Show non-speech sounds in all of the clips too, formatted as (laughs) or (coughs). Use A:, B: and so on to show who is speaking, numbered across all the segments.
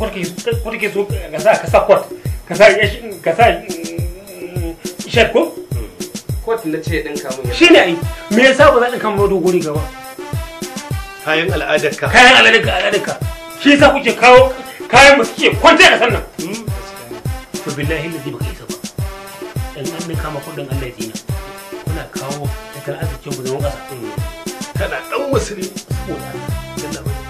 A: kwata ke so ka sa ka sa kwat ka sa ka sa ko kwat na ce ɗin kamun ya shine ai me yasa ba za ɗin kamun dogo riga ba kayan al'adar ka kayan al'adar ka shi yasa kuke kawo kayan mu suke kwanta a sannan to billahi
B: lazi baka isa ba dan an ne kama kudin Allah dina kuna kawo da kan arzikin mu zaman kasa hmm. kana dan musulmi saboda Allah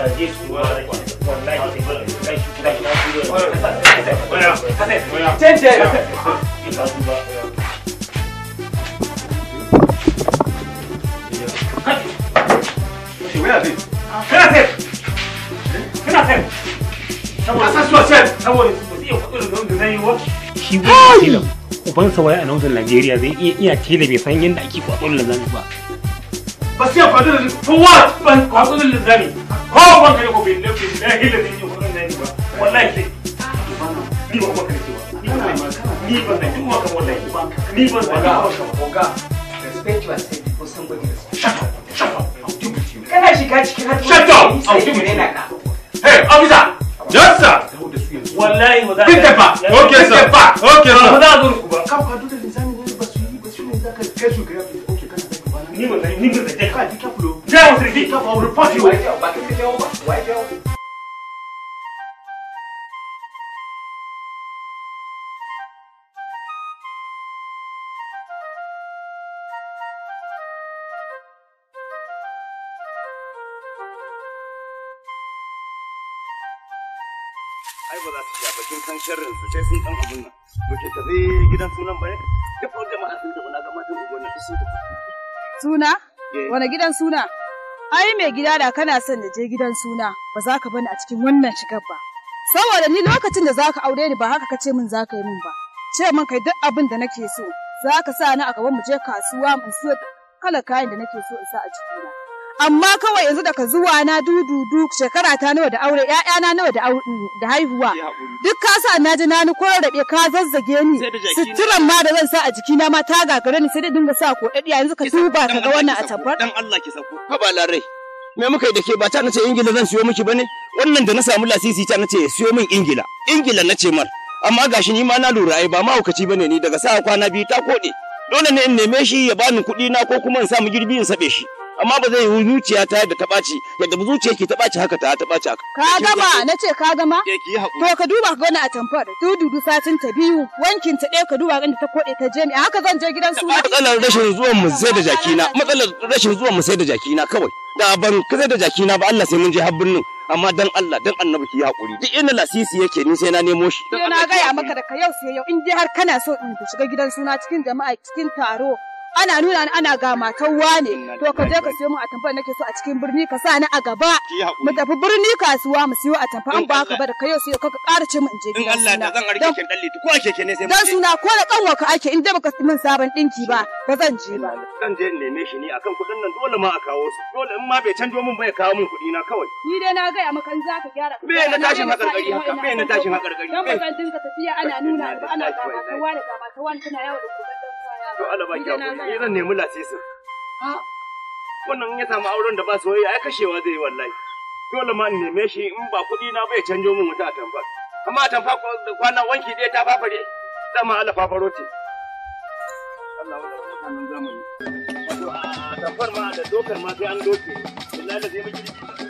C: s
A: ubansa wai a nauzin Najeriya zai iya iya tela bai san yadda ake k w a ce. s u n linzami ba.
C: Ba sai k w a ce. s u n linzami, for what? k w a ce. s u n linzami. ko ban kare ko bin da bin da hila bin yi wannan ne ba wallahi sai ni
A: ba ba kare ba ni ba ni ba da duk maka wallahi ba ni ba da ga hausha boga respect yourself for somebody else shut up shut
B: up kana shiga cikin hadu shut up au duk ne na ka
A: hey officer yes sir wallahi ba za ka ba okay sir okay ba za ka zuru
C: ba ka fadu da linzami ne ba su yi ba su ne za ka kai su ga okay kana ni ba ni ba da ka ji Viens, on se dit, on repart du haut. ai ba za su sha
A: bakin kan sharrin su sai sun san abun nan ba ke tafi gidan sunan ba ne duk wanda ma an sun tafi na ga matan ugo na sun tafi
D: suna wani gidan suna Ai mai gida da kana son da je gidan suna ba za ka bani a cikin wannan shigar ba. Saboda ni lokacin da za ka aure ni ba haka ka ce min za ka yi min ba. Ce min kai duk abin da nake so. Za ka sa ni a gaban mu je kasuwa mu siyo kala kayan da
E: nake so in sa a jikina.
D: amma kawai yanzu daga zuwa na duk shekara ta nawa da aure ƴaƴana nawa da haihuwa duk ka sa na ji na ni ko rabe ka zazzage ni suturan ma da zan sa a jikina ma ta gagare ni sai dai dinga sa ko dadi yanzu ka duba ka ga wannan
C: a tabbar dan Allah ki sako
A: fa ba larai me muka yi da ke ba ta nace ingila zan siyo miki bane wannan da na samu lasisi ta nace siyo min ingila ingila nace mar amma gashi ni ma na lura ai ba mahaukaci bane ni daga sa kwana biyu ta kode dole ne in neme shi ya bani kuɗi na ko kuma in samu girbi in sabe shi amma ba zai yi zuciya ta da ta ɓaci yadda zuciya ke ta ɓaci haka ta ta ɓaci haka.
E: Ka
D: gama na ce ka gama? To ka duba ka wani atamfar dudu satin ta biyu wankin ta ɗaya ka duba inda ta koɗe ta jami a haka zan je gidan su. Matsalar
A: rashin zuwan mu sai da jakina matsalar rashin zuwan mu sai da jakina kawai. Da ban kasai da jakina ba Allah sai mun je har birnin. amma dan Allah dan annabi ki hakuri duk inda lasisi yake ni sai na nemo shi.
D: Ina ga gaya maka da ka yau sai yau in dai har kana so in shiga gidan suna cikin jama'a cikin taro ana nuna ni ana ga matan wane to ka je ka siyo min atamfa nake so a cikin birni ka sa ni a gaba mu tafi birni kasuwa mu siyo atamfa an ba ba da kayo sai ka ƙara ce min je gidan suna dan suna ko da kanwa ka ake in da baka min sabon dinki ba ba zan je ba
A: zan je in neme shi ne akan kudin nan dole ma a kawo su dole in ma bai canjo min ba ya kawo min kuɗi na kawai
D: ni dai na ga ya maka za ka gyara me na tashin gari haka me na tashin gari dan ba eh. zan dinka tafiya ana nuna ba ana ga matan wane ga matan wane tana yawo da To Allah ba ki hakuri,
C: zan nemi lasisin.
A: Wannan ya samu auren da ba soyayya ai kashewa zai yi wallahi. Dole ma in neme shi in ba kuɗi na bai canjo min wuta a tamfa. Amma a tamfa kwanan wanki dai ta fafare, dama Allah fafaro ce.
F: Allah wani mutanen zamani.
A: Wato a tamfar ma da dokar ma sai an doke. Billahi da zai miki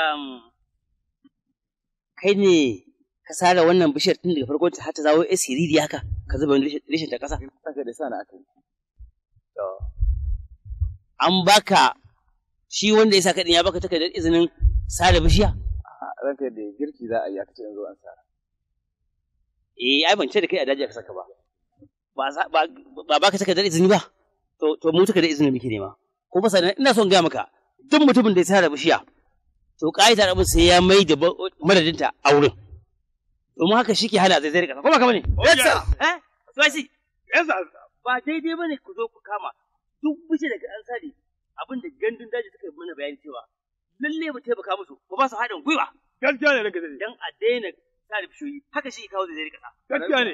G: um,
B: kai ne ka sare wannan bishiyar tun daga farko har ta zawo ya siriri haka ka zuba rishin ta kasa saka da aka yi an baka shi wanda ya sa kaɗin ya baka takardar izinin sare bishiya ranka da girki za a yi aka ce yanzu an sara eh ai ban ce da kai a daji aka saka ba ba ba ka takardar izini ba to mu takardar izini muke nema ko ba ina son gaya maka duk mutumin da ya sare bishiya to ƙa'idar abu sai ya mai da madadinta a wurin domin haka shi ke hana zai zai kasa kuma kama ne sir. eh shi sir. ba daidai bane ku zo ku kama duk bishe daga an sare abin da gandun daji suka yi mana bayani cewa lalle ba taimaka musu ba ba su haɗin gwiwa gaskiya ne nan zai dan a daina sare bishiyoyi haka shi kawo zai zai kasa gaskiya ne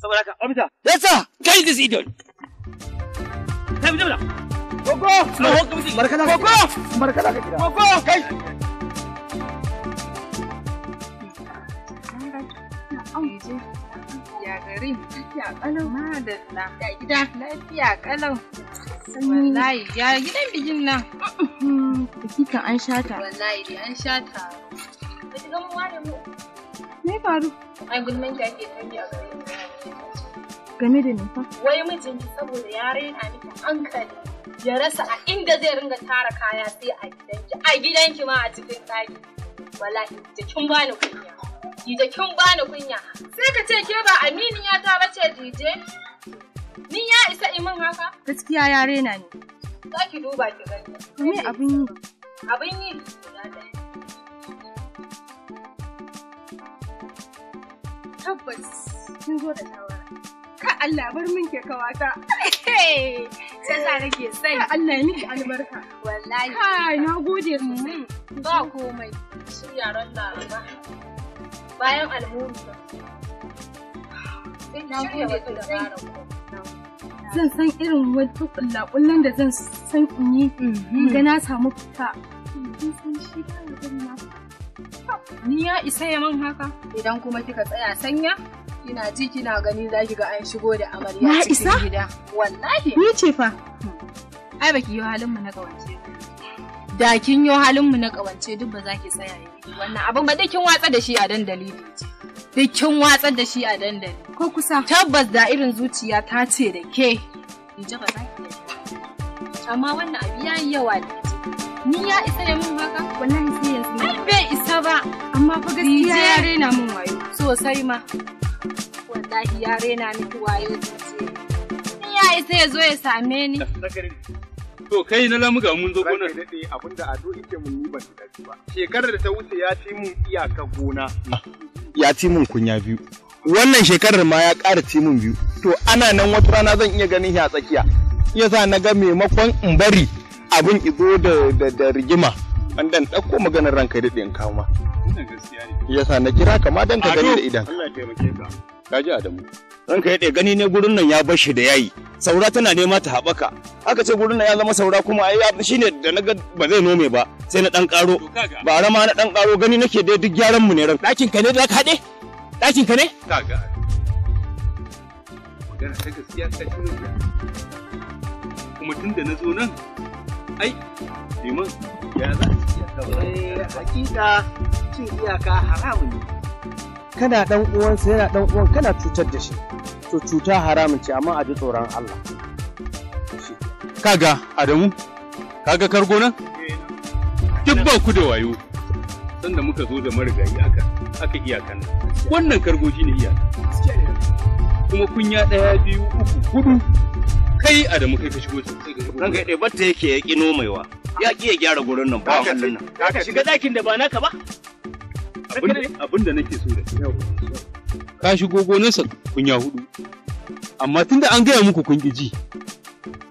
B: saboda haka amsa sir. kai this idiot kai mu Koko! Koko! Koko! Kai!
G: Ya gari, ya kalau madalla. Ya gida, lafiya kalau. Wallahi, ya gidan bijin nan.
D: an shata. Wallahi,
G: dai an shata. Ba ta gamuwa da mu. Me faru? Ai ake tafiya gari.
D: Game da nufa?
G: Wai mijinki saboda ya raina miki hankali ya rasa a inda zai ringa tara kaya sai a gidanki. A gidanki ma a cikin tsari. Wallahi jikin bani kunya. Jikin bani kunya. Sai ka ce ke ba aminiya ta bace dije. Ni ya isa imin haka? Gaskiya ya raina ni. Za ki duba ki gani. Me abin yi? Abin yi Tabbas kin zo da shawara. Ka Allah bar min ke kawata. Sai sa nake sai. Ka Allah ya miki albarka. Wallahi. Kai na gode mu. Ba komai. Su yaran ba. Bayan almuru. Na gode sosai. Zan san irin wata kullakullan da zan san in yi mhm. ga na samu fita. Ni ya isa ya man haka. Idan kuma kika tsaya sanya, kina ji kina gani za ki ga an shigo da amarya cikin gida wallahi ni ce fa ai baki yi halin mu na kawance da kin yi halin mu na kawance duk ba za ki tsaya yi wannan abin ba dukin watsa da shi a dandali duk watsa watsar da shi a dandali ko kusa tabbas da irin zuciya ta ce da ke Ni ji ba za ki amma wannan abu ya yi yawa ne ni ya isa ne mun haka wallahi sai yanzu ai bai isa ba amma fa gaskiya ya rena mun wayo sosai ma wallahi ya rena miki wayo zuci ya yi sai ya zo ya same ni
C: To kai na lamuga mun zo gonar. Ranka daɗe abinda Ado yake mun ni ban daɗi ba. Shekarar da ta wuce ya ci mun iyaka gona. Ya ci mun kunya biyu. Wannan shekarar ma ya ƙara ci mun biyu. To ana nan wata rana zan iya ganin shi a tsakiya. Yasa na ga maimakon in bari abin izo da rigima. an dan ɗauko maganar ranka da in kawo ma. sa na kira ka ma dan ka gani da idan. Allah ka. ji Adamu. Ranka ya gani
A: ne gurin nan ya bar shi da yayi. Saura tana nema ta haɓaka. Aka ce gurin nan ya zama saura kuma ai shi ne da na ga ba zai nome ba sai na ɗan ƙaro. Ba rama na ɗan ƙaro gani nake dai duk gyaran mu ne ran. Ɗakin ka ne da ka haɗe? Ɗakin ka ne? Kaga. Magana ta gaskiya ta kuma tun da na zo nan
H: ai limin ya za a ci eh, hakika cin iyaka haramun ne
B: kana dan uwansa yana dan uwan kana cutar da shi to
H: cuta
A: haramun ce amma a ji tsoron Allah kaga Adamu kaga kargo nan duk ba ku da wayo sanda muka zo da marigayi aka aka iyakan wannan kargo ne iyaka kuma kunya ɗaya biyu uku hudu kai Adamu kai ka shigo ranka ɗaya batta yake ya ƙi nomaiwa ya ki ya gyara gurin nan ba hannun nan shiga dakin da ba naka ba abin da nake so da ka shigo gonarsa kunya hudu amma tunda an gaya muku kun ji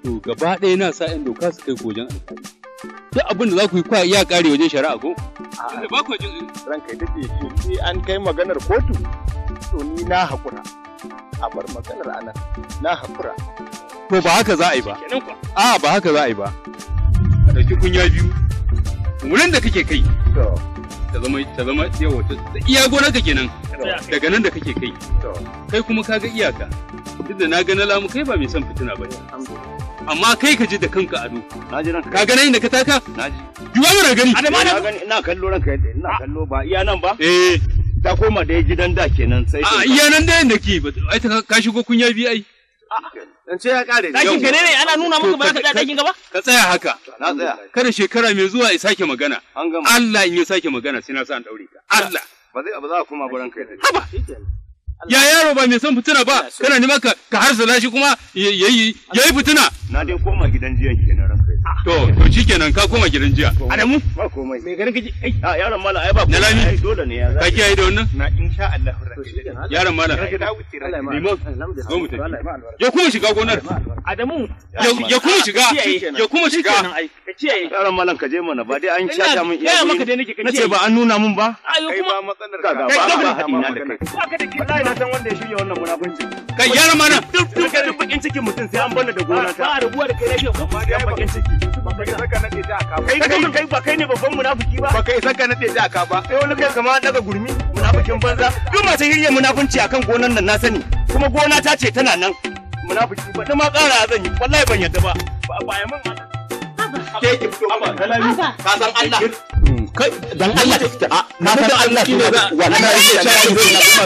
A: to gaba ɗaya na sa in doka su kai kojan alƙali duk abin da za ku yi iya ƙare wajen shari'a ko
C: ba ku ji ranka ya dace sai an kai maganar kotu to ni na hakura a bar maganar ana na hakura
A: to ba haka za a yi ba a ba haka za a yi ba ɗauki kunya biyu wurin da kake kai ta zama ta zama yawa ta iya gonar ka kenan daga nan da kake kai kai kuma ka ga iyaka duk da na ga na lamu kai ba mai son fitina ba amma kai ka ji da kanka ado ka ga nan da ka taka juwa mara gani na gani ina kallo ranka ina ah. kallo ba iya nan ba eh ta koma da gidan da kenan sai ah, a iya nan da yanda ke ai ta ka shigo kunya bi ai ah, Zance ya kare Dakin gane ne ana nuna maka ba za ka tsaya dakin gaba? Ka tsaya haka. Na tsaya. Kada shekara mai zuwa ya sake magana. An gama. Allah in ya sake magana sai na sa an daure ka. Allah. Ba zai ba za a koma gurin kai. Haba. ya yaro ba mai son fitina ba kana nima ka ka harsala shi kuma ya yi fitina na dai koma gidan jiya kenan ranka ah. to to shikenan ka koma gidan jiya adamu ba komai me garin kaji ai a ah, yaron mallam ai ba komai Nalani? dole ne
C: ya ka kiyaye da wannan na insha Allah yaron mallam limon zo mu
A: tafi ya kuma shiga gonar
F: adamu ya kuma shiga ya kuma shiga ka
A: kiyaye yaron mallam ka je mana ba dai an ta mun. iya maka dai nake ka ce ba an nuna mun ba Ai kuma kai ba matsalar ka ga ba Ka da kai na san wanda ya shirya wannan munafunci kai yar mana duk duk duk bakin cikin mutum sai an banna da gona ta ba rabuwa da kai rashin kuma bakin ciki kai ba kai ne babban munafiki ba ba kai saka nade da ka ba sai wani kai kama daga gurmi munafikin banza duk masu shirya munafunci akan gonan nan na sani kuma gona ta ce tana nan munafiki ba ma kara zan yi wallahi ban yadda ba ba ba mun ke ki Allah hmm. kai dan Allah ta a na Allah ki ne wallahi ya ce wallahi ba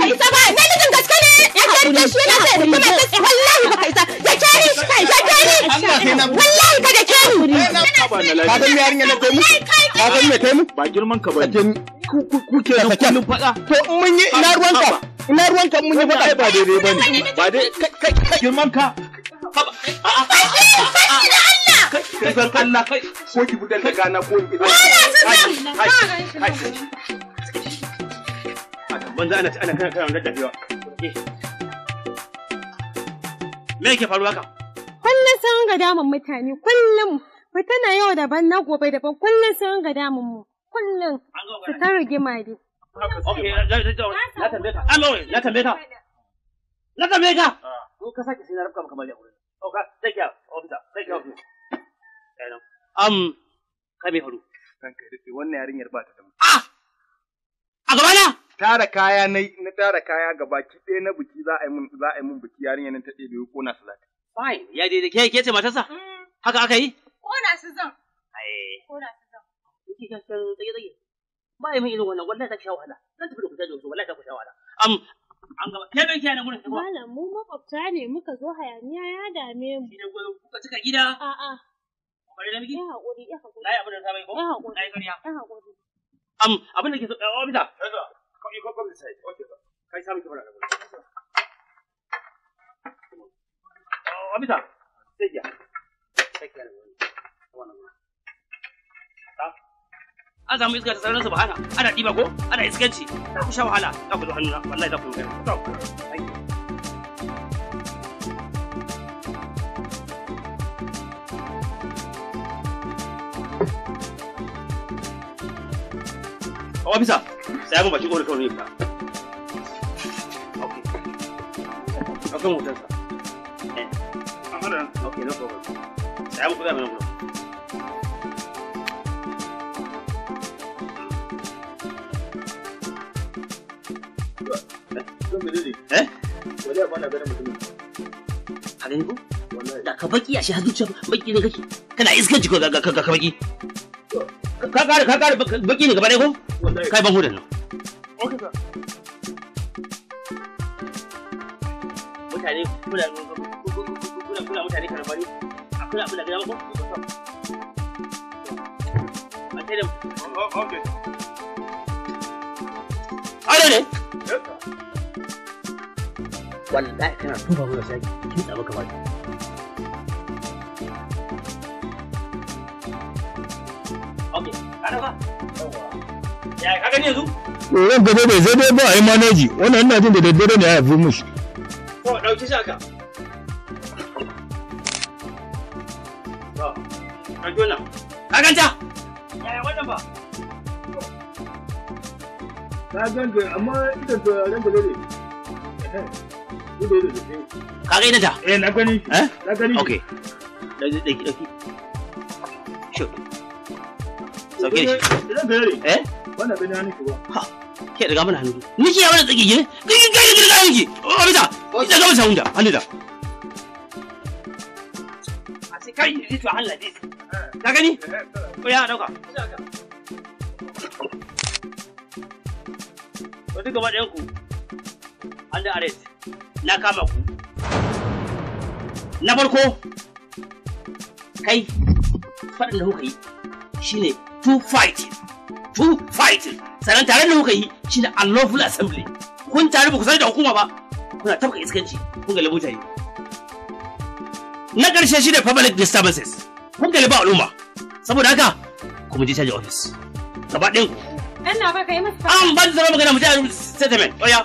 A: kai ta ba ne
F: gaske ne ya shi kuma wallahi ba kai ta ya shi kai ya wallahi ka da ka yarinya na kai mu ka san me kai
C: mu ba girman ka da kullun to in mun yi ina ruwanka ina ruwanka mun yi fada ba daidai bane ba dai girman ka Kaibar Allah ko
B: Me yake faruwa ka?
D: Kullum sun ga damun mutane kullum
G: tana yau daban na gobe daban kullum sun ga damun mu kullum su ta rigima dai. Na tambaye ka. Na tambaye ka. Na
B: tambaye ka. Ah. Ko ka sake na rabka take care, officer. Take care of me. Um, kai Ah! A gaba na? Tara kaya na
C: na tara kaya gaba ki ɗaya na biki za a yi mun za a
B: yi mun biki yarinyar nan ta ɗebe ko na salati. Fine, ya dai ke ke ce matarsa? Haka aka yi?
G: Kona su zan. Ai. Kona su zan. tsaye tsaye.
B: Ba yi min irin wannan wallahi ta sha wahala. Zan tafi da kusa da wasu wallahi ta sha wahala. Um, an gaba ke kiyaye gurin kuma malam
G: mu makwabta ne muka zo hayaniya ya dame mu gidan kuka cika gida a a da miki ya hakuri ya hakuri nayi abin da sabai ko nayi kariya ya hakuri
B: am abin da ke so bisa ko ko ko bisa okay kai sami kamar da
E: sai ya sai ya wannan
B: an samu iska da sauransu subhana ana diba ko ana iskanci za ku sha wahala za ku zo hannuna wallahi za ku yi gani Ofisa,
A: saya mu baki ƙorin kawai ka.
B: Ok. Akan hotonsa. Eh. Ok, no problem.
A: Saya mu kuɗa mai nan
B: Eh? Waliya ba na ganin mutumin. Ka gani ko? Da ka baki a shi har zuciya baki ne kake. Kana iskanci ko ka ka baki. Ka kare ka kare baki ne gaba ɗaya ko? Kai ban hudan nan. Okay sir. Mutane kuna kuna mutane karfani. Kuna kuna gida ko? Okay. Ada ne? Yes sir. wallahi kana tuba mana sai kin da baki okay ya ka yanzu
C: eh, ran gaba bai zai ba a yi manaji. wannan ina jin da daddare ne ya mushi
B: ko dauki shi ka ganta ya eh, wannan ba
C: ka ganta amma ita da ran ne
B: Ka ga ta? Eh na gani. Eh? Na gani. Okay. Daki daki daki. Shot.
C: Sauke shi. idan
B: ka yare Eh? Wannan bai na niki ba. Ha. Ke daga mana hannu. Niki ya wani tsaki gine. Gani gani gani gani niki. Oh bisa. Ita ga masa hunda. Hannu da. A sai yi ni to Allah dai. Eh. Ka gani? Eh, eh, Ko ya dauka. Wani gaba ɗayan ku. Under arrest. na kama ku na farko kai faɗin da kuka yi shine two fighting two fighting sannan tare da kuka yi shine unlawful assembly kun tare ba ku sanar da hukuma ba kuna tafka iskanci kun galibu mutane na ƙarshe shine public disturbances kun ba al'umma saboda haka kuma je caji office gaba ɗin.
G: Ɗan na yi masa. An ban zama magana
B: mu je settlement. Oya.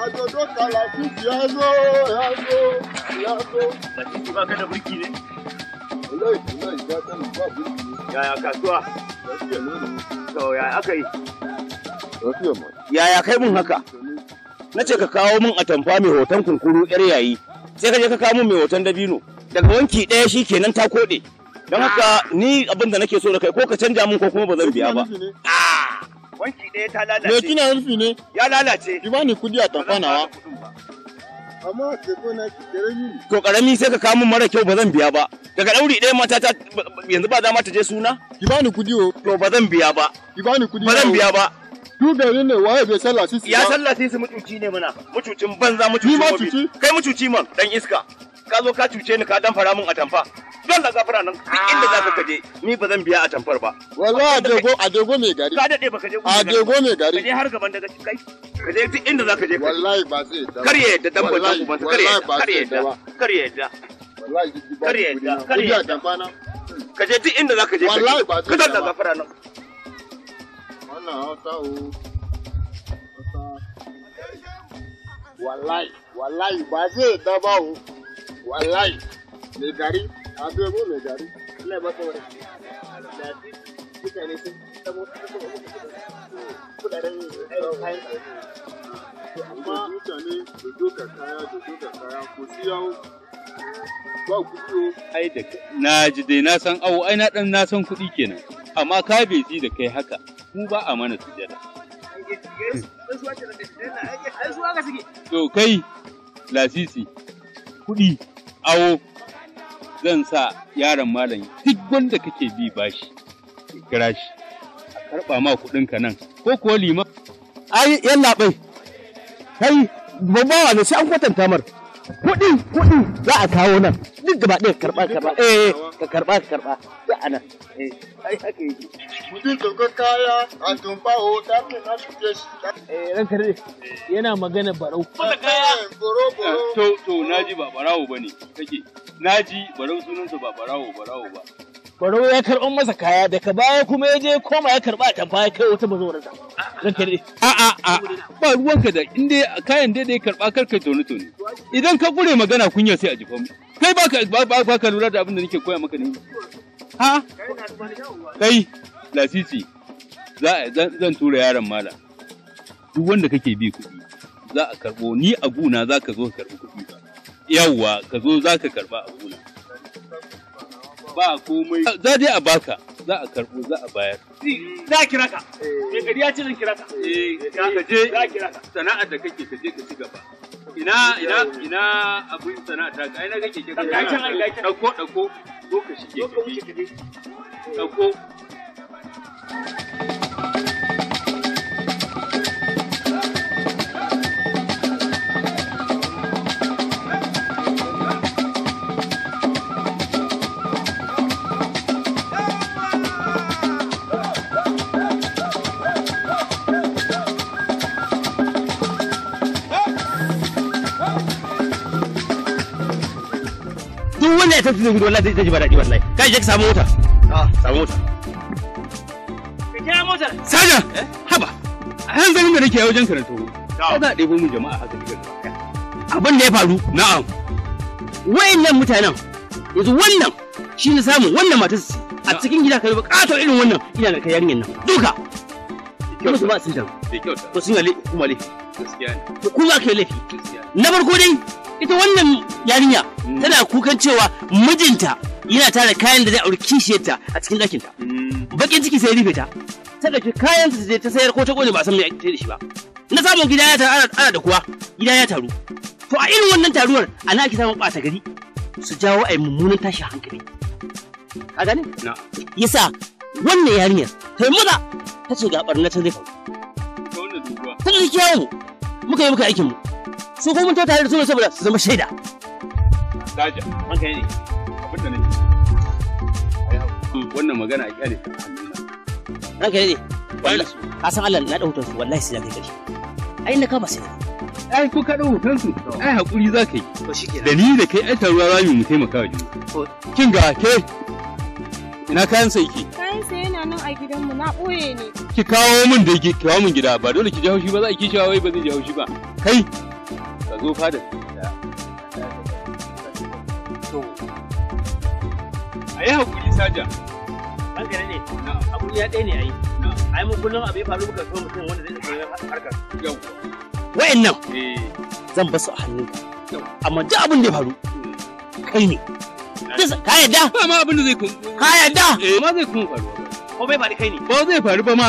A: ya zo don kalafis ya zo ya zo ya zo. Lakin ku baka da burki ne? Wallahi wallahi ka san ba burki ne. Yaya kasuwa? Lafiya ne. To yaya aka yi? Lafiya ma. Yaya kai mun haka? Na ce ka kawo min atamfa mai hoton kunkuru yar yayi. Sai ka je ka kawo mun mai hoton dabino. Daga wanki ɗaya shi kenan ta koɗe. Don haka ni abin da nake so da kai ko ka canja mun ko kuma ba zan biya ba. Wanki ɗaya ta lalace. Me kina rufi ne? Ya lalace. Ki bani kudi a tafanawa.
E: Amma tefo na ki karami.
A: To karami sai ka kawo min mara kyau ba zan biya ba. Daga ɗauri ɗaya mata ta yanzu ba za ma ta je suna? iba bani kudi o. To ba zan biya ba. Ki bani kudi. Ba zan biya ba.
C: Du gari ne waye bai sallah sisi Ya sallah sisi mutuci
A: ne muna. Mutucin banza mutucin. Ni ma cuci. Kai mutuci man dan iska. Ka zo ka cuce ni ka dan fara min tamfa. dole gafara nan duk inda za ka je ni ba zan biya a tamfar ba
H: wallahi adogo adogo mai gari
F: ka
A: dade baka je gari ka je har gaban daga ka je duk inda za ka je wallahi ba zai yadda kar yadda wallahi wallahi
B: wallahi wallahi a biyo mai jaru wani da sun kayan amma mutane
C: da doka kaya da doka kaya ko kuɗi ai da
A: na ji dai na san awo ai na dan na san kuɗi kenan amma ka ji da kai haka mu ba a mana sujada to kai lasisi kuɗi awo zan sa yaron malam duk wanda kake bi bashi kira shi a karɓa ma ka nan ko kuwa
B: liman ai yan labai kai babawa ne sai an kwatanta mar kuɗi kuɗi za a kawo nan duk gaba ɗaya karɓa karɓa eh, eh ka karɓa ka karɓa za a nan eh
A: ai haka yake mutum ɗauka kaya a tumfa o ta fi na tuke shi eh ran kare
C: yana magana barau
A: kuma kaya to to naji ba barawo bane kake naji barau sunansa ba barawo barawo ba
B: barau ya karɓo masa kaya daga baya kuma ya je koma ya karɓa tamfa ya kai wata bazawar da zan
A: a a a ba ruwanka da inda kayan daidai karɓa kar kai toni idan ka gure magana kunya sai a jifa mu kai ba ka lura da abin da nake koya maka ne ha kai lasisi za zan tura yaron mala duk wanda kake bi kuɗi za a karɓo ni a guna za ka zo ka karɓi kuɗi yawwa ka zo za ka karɓa abu ba komai
C: za dai a baka za a karbo za a bayar
A: za a kira ka eh. mai gari ya ce zan kira ka eh ka eh, je za a kira ka sana'ar da kake ka je ka ci gaba ina eh. ina ina abin sana'a ta ai na kake kira ka kan ai ka dauko dauko ko ka shige ka Ɗauko.
B: mutum zai gudu wallahi zai ji ba daɗi wallahi kai je ka samu
A: mota ah. samu mota
E: ka kira
A: saja eh? haba a hanzarin da nake a wajen karatu ka za a ɗebo mun jama'a haka daga abin da ya faru
B: na'am wayannan mutanen yanzu wannan shi ne samun wannan matarsa a cikin gida kai bukatar irin wannan ina da kai yarinyar nan duka kuma su ba su jan to sun yale kuma gaskiya ne laifi na farko dai ita wannan yarinya tana kukan cewa mijinta yana tara kayan da zai auri kishiyarta a cikin ɗakinta mm. bakin ciki sai rufe ta ta ɗauki kayan ta je ta sayar ko ta ƙone ba san me ake da shi ba na samun gida ya taru ana da kuwa gida ya taru to a irin wannan taruwar ana ki samun ɓata gari su jawo a mummunan tashin hankali ka gane yasa wannan yarinyar ta yi maza ta ce ga ɓarnar ta zai faru ta da kyawun muka yi muka aikin mu su kuma ta tota tare da su ne saboda su zama shaida
A: daja kai ne abinda ne.
B: Hmm, wannan magana a kyale ranka ne ka san Allah na da su wallahi sai kai gari ai na kama sai ai ku ka da hutunsu ai hakuri za ka yi to shikenan
A: da ni da kai ai taruwa rayu mu taimaka wa juna kin ga ke ina kayan sai ki
G: kayan sai yana nan a gidanmu na ɓoye ne
A: ki kawo min da ki kawo min gida ba dole ki ji haushi ba za ki shawo ba zai ji haushi ba kai zo da
B: to a yi hakuri saja hankali ne abun ya ɗaya ne a yi ai mu kullum abu ya faru muka so mutum wanda zai tsaye harkar yau wa'annan eh. zan ba su a hannunka
A: amma duk abin da ya faru hmm. kai ne ka yadda ba ma abin da zai kun ka yadda eh, ma zai kun faru ko bai faru kai ne ba zai faru ba ma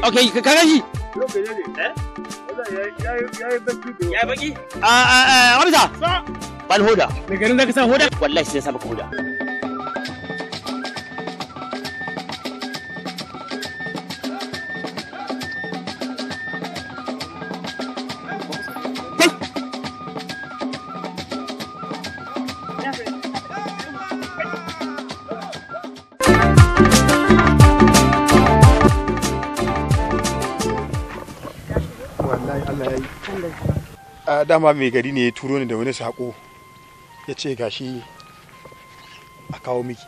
B: Okay, ka kaga Ya baki? A a a, Hamza. Ban hoda. Me garin zaka sa hoda? Wallahi sai ya maka hoda.
C: dama mai gari ne ya turo ni da wani sako ya ce gashi a kawo miki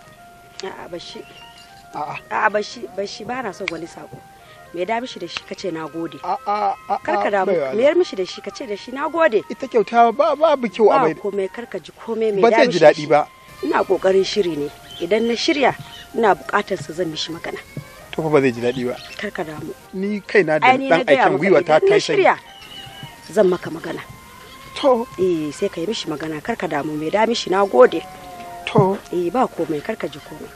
I: a'a bashi a'a a'a bashi ba na son wani sako me da mishi da shi kace na gode a'a karka da mu me yar mishi da shi kace da shi na gode ita kyauta ba babu kyau a bai komai karka ji komai me da mishi ba zai ji dadi ba ina kokarin shiri ne idan na shirya ina bukatar sa zan mishi magana
C: to fa ba zai ji daɗi ba
I: karka da mu ni kaina da dan aikin gwiwa ta tashi shirya zan maka magana to eh sai ka yi mishi magana karka ka damu mai da mishi na gode to eh ba komai karka ka ji komai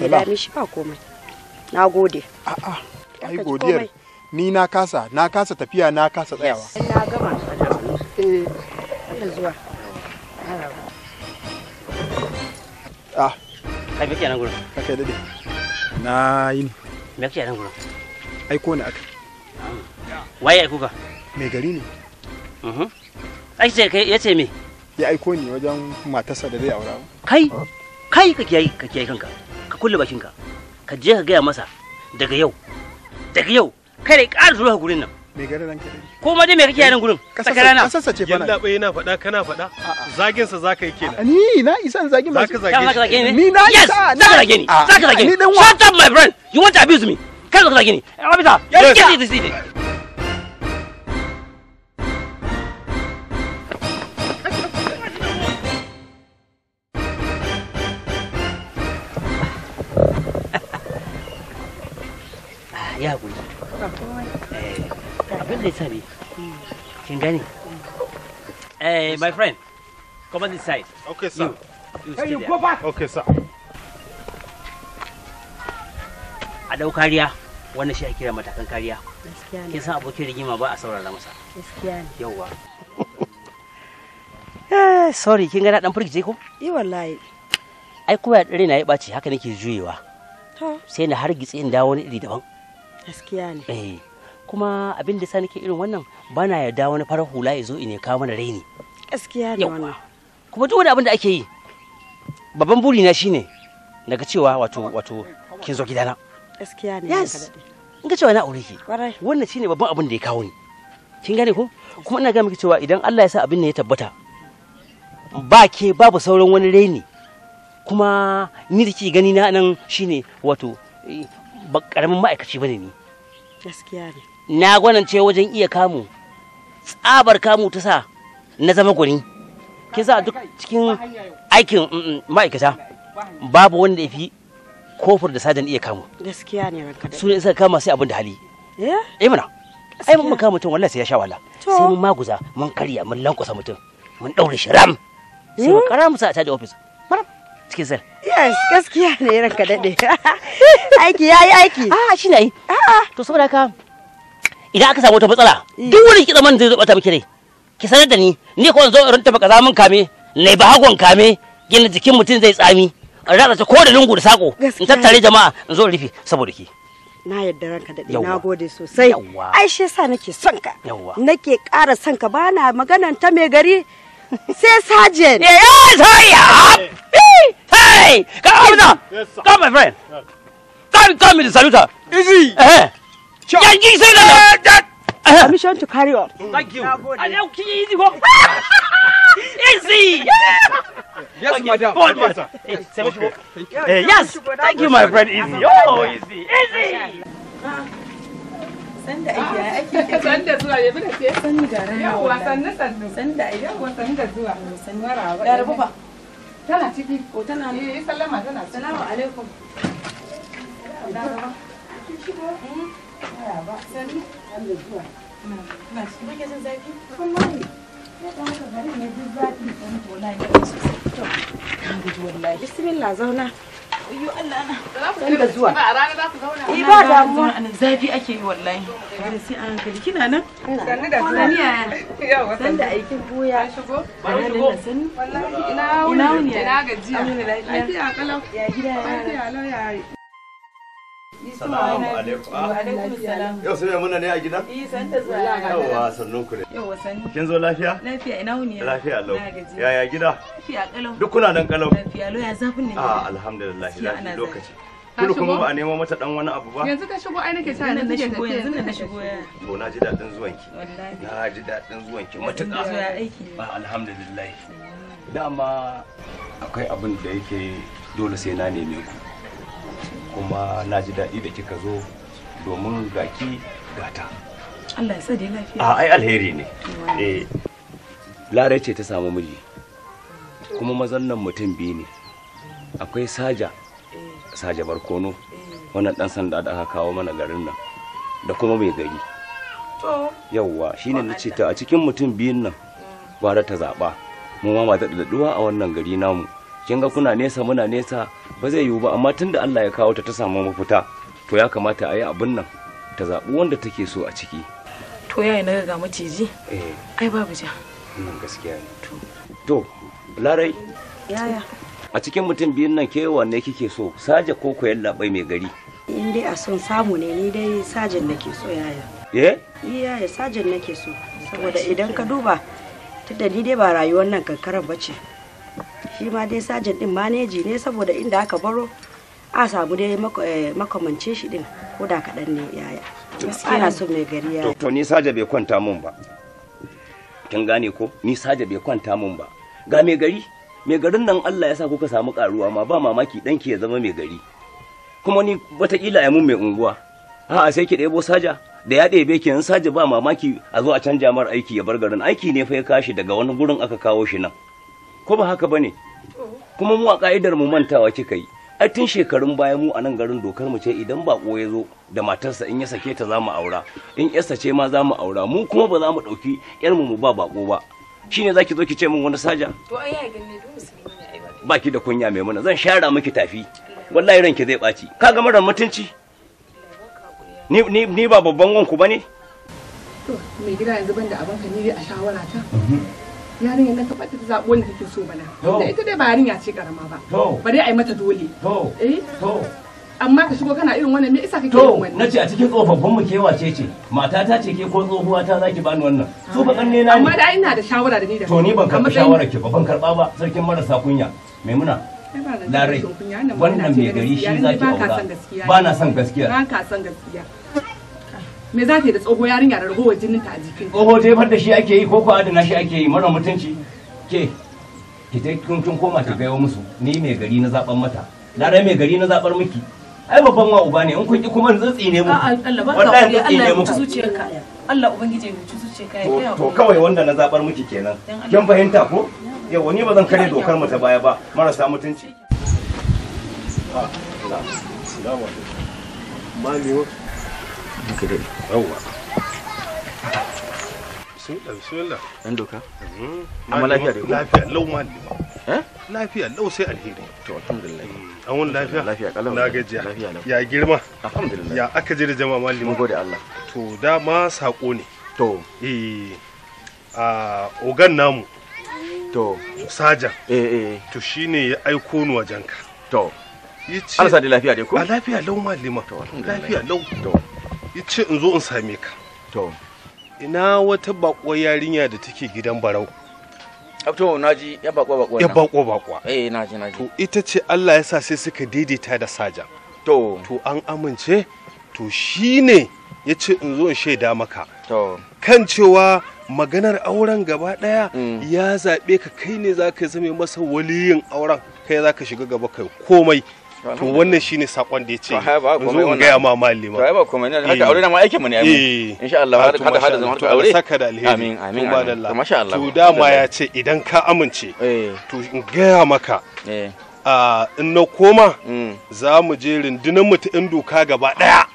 I: mai da mishi ba komai na gode a'a ai godiyar ni na kasa na kasa tafiya na kasa tsayawa na gama eh zuwa
B: ah kai me nan gurin kai dade na yi ne me kake nan gurin ko ne aka waye aiko ka me gari ne mhm ce kai ya ce me ya aiko ni wajen matarsa da zai aura kai kai ka kiyaye ka kiyaye kanka ka kulle bakinka ka je ka gaya masa daga yau daga yau kai da ƙara zuwa gurin nan me gare ranka dai ko ma dai me kake yaran gurin na ce
C: yana faɗa kana faɗa zagin sa zaka yi kenan
B: ni na isan zagi ma zaka zage ni ni na isa zaka zage ni zaka zage ni shut up my friend you want to abuse me kai zaka zage ni abisa yes ya haƙuri eh, abin da ya sa ne kin gane eh my friend come on this side okay sir you, you hey, you there. go back okay sir a dau kariya wannan shi a kira matakan kariya ke san abokin rigima ba a saurara masa gaskiya ne yauwa
I: (laughs) eh, sorry kin gana dan firgice ko eh wallahi ai
B: kuma ya dare na ya ɓaci haka nake juyewa sai na hargitse in dawo wani iri daban gaskiya ne eh kuma abin da sa nake irin wannan bana yarda wani farar hula ya zo ine kawo mana raini
I: gaskiya ne wannan
B: kuma duk wani abin da ake yi babban buri na shine daga cewa wato wato kin zo gidana
I: gaskiya ne yes in ga
B: cewa na aure ki wannan shine babban abin da ya kawo ni kin gane ko kuma ina ga miki cewa idan Allah ya sa abin ne ya tabbata ba ke babu sauran wani raini kuma ni da ke gani na nan shine wato eh, ba karamin ma'aikaci bane ni gaskiya ne na gwanance wajen iya kamu tsabar kamu ta sa na zama gwani kin sa duk cikin aikin mm, mm, ma'aikata babu wanda ya fi kofar da sajan iya kamu
I: gaskiya ne ranka
B: su ne suka kama sai abin da hali eh, eh mana ai mun kama mutum wallahi sai ya sha wala sai mun maguza mun karya mun lankwasa mutum mun daure shi ram sai mu kara eh? sa a caji office cikin Yes, gaskiya ne ranka daɗe. (laughs) Aiki yayi aiki. A'a ah, shi ne. A'a. Ah. To saboda haka idan aka samu wata matsala eh. duk wani kitsa man zai zo bata miki rai. Ki sanar da ni, ni ko zo in taba kaza min kame, na ba hagon kame, gina jikin mutum zai tsami. In ratsa ta ko da lungu da sako, in tattare jama'a in zo rufe saboda ki.
I: na yarda ranka daɗe na gode sosai ai shi yasa nake son ka nake ƙara son ka bana maganan ta mai gari (laughs) sai sajen eh ya eh, Hey! Hey!
B: Come on! Yes, sir. Come, my friend. Yes. Come, come, Mr. Saluta. Easy. Uh-huh. Sure. Yeah, you say that. Uh, that. Uh-huh. Permission to carry on. Mm. Thank you. Now, can you easy walk? Easy. Yes, okay. madam. Go on, go on. Yes, sir. Okay. Thank you. Uh, yes. Thank you, my friend. Easy. Oh,
E: easy.
F: Easy. Sanda aiki aiki aiki. Sanda zuwa yabi da ke. Sanda zuwa. Yawwa sannu sannu. Sanda aiki yawwa sannu zuwa. Sannu rawa. Da rabu ba. tana ciki ko tana ne eh sallama tana ciki assalamu alaikum
I: Bismillah zauna.
D: Iyo Allah na. Sai da zuwa. Ba rana za ku zauna. Eh ba damuwa. Ana zafi ake yi wallahi. Kada sai an hankali kina nan. Eh, Sanni da zuwa. Sanni Sanni da aikin
F: Shigo. shigo. Wallahi ina wuni. Ina gajiya. Yau
A: sai muna ne a gida? Eh,
F: sannun
A: ku Kin zo lafiya?
G: Lafiya
F: ina wuni ya. Lafiya lau.
A: Yaya gida?
F: Lafiya kalau. Duk
A: kuna nan kalau.
G: Lafiya
F: lau ya zafin ne. Ah
A: alhamdulillah lafiya Kulu kuma ba a nema mata dan wani abu ba.
F: Yanzu na shigo ya.
A: To dadin zuwan ki. Wallahi. Na ji Dama akwai abin da yake dole sai na neme ku. kuma na ji daɗi da kika zo domin gaki gata
I: Allah ya sadi lafiya a ai alheri ne
A: eh lare ce ta samu miji kuma mazan nan mutum biyu ne akwai saja eh. saja barkono eh. wannan dan sanda da aka kawo mana garin nan da kuma mai gari yauwa shine ce ta a cikin mutum biyun nan mm. gwara ta zaba mu ma ta da a wannan gari namu kin ga kuna nesa muna nesa ba zai yiwu ba amma tunda Allah ya kawo ta ta samu mafita to ya kamata a yi abin nan ta zaɓi wanda take so a ciki
G: to yi na ga maciji eh ai babu ja
A: nan hmm, gaskiya ne to to larai yaya a cikin mutum biyun nan ke wanne kike so saja ko koyan labai mai gari
I: in dai a son samu ne ni dai sajan nake so yaya eh yaya sajan nake so saboda idan ka duba tunda ni dai ba rayuwar nan kankarar bace shi ma dai sajin din maneji ne saboda inda aka baro a samu dai makamance eh, shi din ko da kaɗan ne yaya ana so mai gari ya
A: to ni saja bai kwanta mun ba kin gane ko ni saja bai kwanta mun ba ga mai gari mai garin nan Allah ya sa kuka samu karuwa ma ba mamaki danki ya zama mai gari kuma ni wataƙila ya mun mai unguwa a'a sai ki ɗebo saja da ya ɗebe ki saja ba mamaki a zo a canja mar aiki ya bar garin aiki ne fa ya kashi daga wani gurin aka kawo shi nan ko ba haka bane kuma mu a ka'idar mu mantawa kika yi ai tun shekarun baya mu a nan garin dokar mu ce idan bako ya zo da matarsa in ya sake ta za aura in yarsa ce ma za aura mu kuma ba za mu ɗauki yar mu ba bako ba shine zaki zo ki ce min wani saja
G: to ai ya ganne musulmi
A: baki da kunya mai mana zan shara miki tafi wallahi ranki zai baci ka ga mara mutunci ni ba babban wanku bane
F: to me gida banda abanka ni a shawara ta mhm. yarinyar nan ka bata ta zaɓi wanda take so bana da ita dai ba yarinya ce karama ba ba dai ai mata dole eh amma ka shigo kana irin wannan me isa kake irin wannan
A: nace a cikin tsofaffin mu kewa ce ce matata ce ke ko tsohuwa ta zaki bani wannan su ba kanne na amma da
F: ina da shawara da ni da to ni ban karɓi shawara ke
A: ba ban karɓa ba sarkin marasa kunya maimuna
F: larai wannan mai gari shi zaki aura ba na son gaskiya ba son gaskiya me za ta yi da tsoho yarinya da ragowar jinin ta a jikin
A: tsoho jefar da shi ake yi ko ko adana shi ake yi mara mutunci ke ki je kin kin koma ta gayo musu ni mai gari na zaban mata lara mai gari na zabar miki ai babban wa uba ne in kun ki kuma tsitsi ne muku
B: wallahi tsitsi ne muku zuciyarka Allah ubangije ya ci zuciyarka to kawai
A: wanda na zabar miki kenan kin fahimta ko yau ni ba zan kare dokar mu ta baya ba marasa mutunci
C: Assalamu ah, alaikum.
A: duka
J: da yawwa
C: bismillah bismillah
J: dan doka amma eh? lafiya da lafiya
C: lau ma lafiya lau sai alheri to alhamdulillah mm, an wani lafiya lafiya kalau na gajiya ya girma alhamdulillah ya aka jira jama'a malli mun gode Allah to sako ne to eh a ogan namu to saja eh eh, eh. to shine ya aiko ni wajenka to yace sa lafiya dai ko lafiya lau malli ma lafiya lau in zo in same ka to ina wata bakwa yarinya da take gidan barau ah, to naji ya bakwa bakwa ya bakwa bakwa eh naji naji to ita ce Allah ya sa sai suka daidaita da saja to to an amince to shine ya ce in zo in shaida maka to kan cewa maganar auren gaba daya mm. ya zaɓe ka kai ne za ka zame masa waliyin auren kai za ka shiga gaba kai komai to wannan shine sakon da yace yanzu in gaya ma malima to ai ba komai ne haka eh. aure na ma aikin mu ne amin eh.
J: insha Allah hada hada zama to aure saka da alheri amin amin Allah masha Allah to dama ya
C: ce idan ka amince eh. to in gaya maka a in na koma mm. za mu je rundunar mu ta in doka gaba daya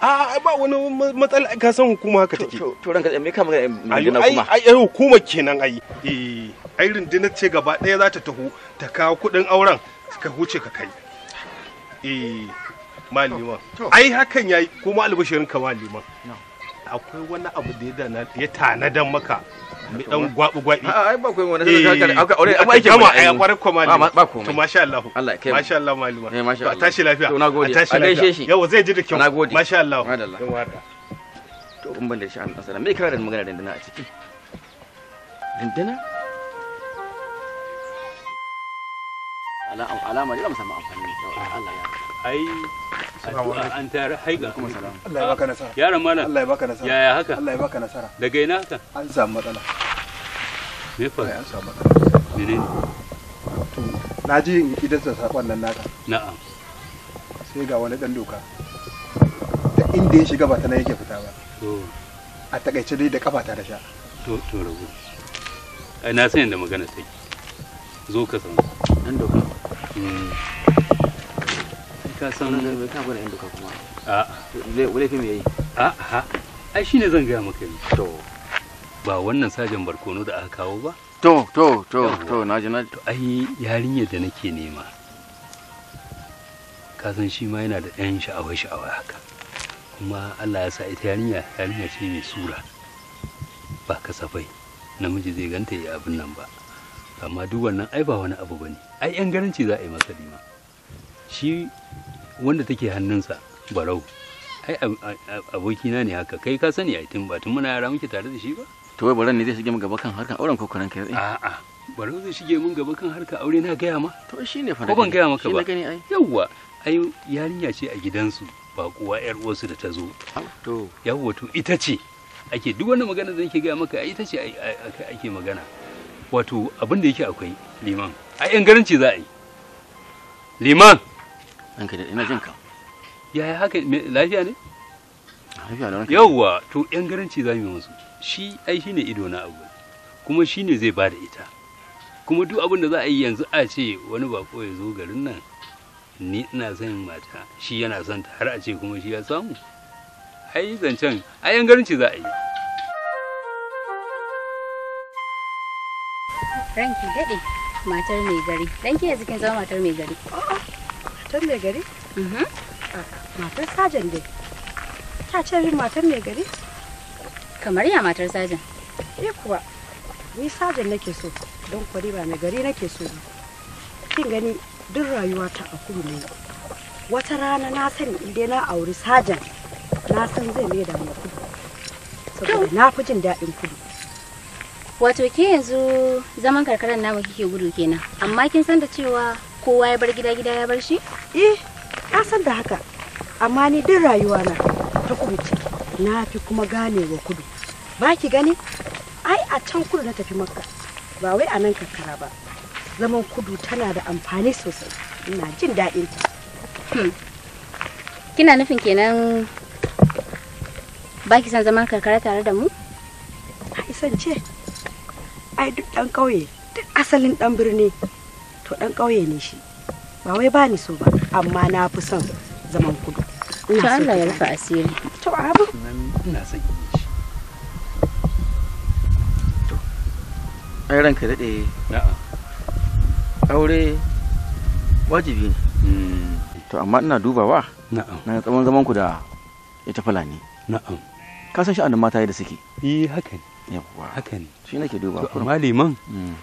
C: a ba wani matsala ka san hukuma haka take to ranka me ka magana rundunar kuma ai ai hukumar kenan ai eh ai rundunar ce gaba daya za ta taho ta kawo kudin auren ka huce ka kai eh malima ai hakan yayi kuma albashirin ka malima akwai wani abu da ya tanadan maka mai dan gwabi gwabi ah, ai ba kai wani sai ka eh, aure kama ai kwarar ko malima ba komai to masha Allah masha Allah malima eh tashi lafiya to nagode a gaishe shi zai ji da nagode masha Allah
J: to in ban da shi an asara me kira magana dandana a ciki
A: dandana alama amfani Allah ya ai an tayar haiga kuma Allah
C: ya baka nasara
A: mana Allah ya baka nasara yaya haka Allah ya baka nasara daga ina haka an samu matsala
C: me fa an samu matsala ne na ji in idan sa sakon nan naka na'am sai ga wani dan doka da inda ya shiga ba ta nan yake fita ba to a takaice dai da kafa ta da sha
A: to to rabu ai na san da magana take zo ka san doka ka nan zan gaya maka ni to ba wannan sajan barkono da aka kawo ba to to to to naji naji to ai yarinya da nake nema ka san shi ma yana da ɗan sha'awa sha'awa haka kuma Allah ya sa ita yarinya yarinya ce mai sura ba kasafai namiji zai ganta ya abin nan ba amma duk wannan ai ba wani abu bane ai yan garanci za a yi masa lima shi wanda take hannunsa barau ai abokina ne haka kai ka sani ai tun ba tun muna yara muke tare da shi ba to wai baran ne zai shige min gaba kan harkan auren kokarin kai a'a barau zai shige min gaba kan harkan aure na gaya ma to ne fa ko ban gaya maka ba gani ai yarinya ce a gidansu ba kuwa yar uwarsu da ta zo to yawwa to ita ce ake duk wani magana da nake gaya maka ita ce ake magana wato abin da yake akwai liman a yan garanci za a yi liman an ka ina jin ka yaya haka lafiya ne yauwa to yan garanci za mu musu shi ai shine ido na abu kuma shine zai ba da ita kuma duk abin da za a yi yanzu a ce wani bako ya zo garin nan ni ina son mata shi yana son ta har a ce kuma shi ya samu ai zancen ai yan garanci za a yi
G: ranki daɗe matar mai gari ranki yanzu kin zama matar mai gari
I: matar mai gari mm-hmm. matar sajan dai ta ce min matar mai gari kamar ya matar sajan eh kuwa ni sajan nake so don kwari ba mai gari nake so kin gani duk rayuwata a kudu ne wata rana na sani inda na auri sajan na san zai mai da mu kudu saboda na fi jin daɗin kudu
G: wato ke yanzu zaman karkaran namu kike gudu kenan amma kin san da cewa kowa ya bar gida gida ya bar
I: shi eh na san da haka amma ni din rayuwa na ta kudu ce na fi kuma gane wa kudu ba ki gani ai a can kudu na tafi makka ba wai a nan karkara ba zaman kudu tana da amfani sosai ina jin daɗin ta hmm.
G: kina nufin kenan
I: ba san zaman karkara tare da mu a isance ai duk dan kauye duk asalin dan birni to dan kauye ne shi ba wai ba ni so ba amma na fi son zaman kudu ina Allah ya rufa asiri to abu ina son shi
J: to ai ranka dade a'a aure wajibi ne hmm. to amma ina dubawa na'am na tsawon zaman ku da ita fulani na'am ka san sha'anin mata da suke
A: eh haka ne haka ne shi nake duba amma liman mm.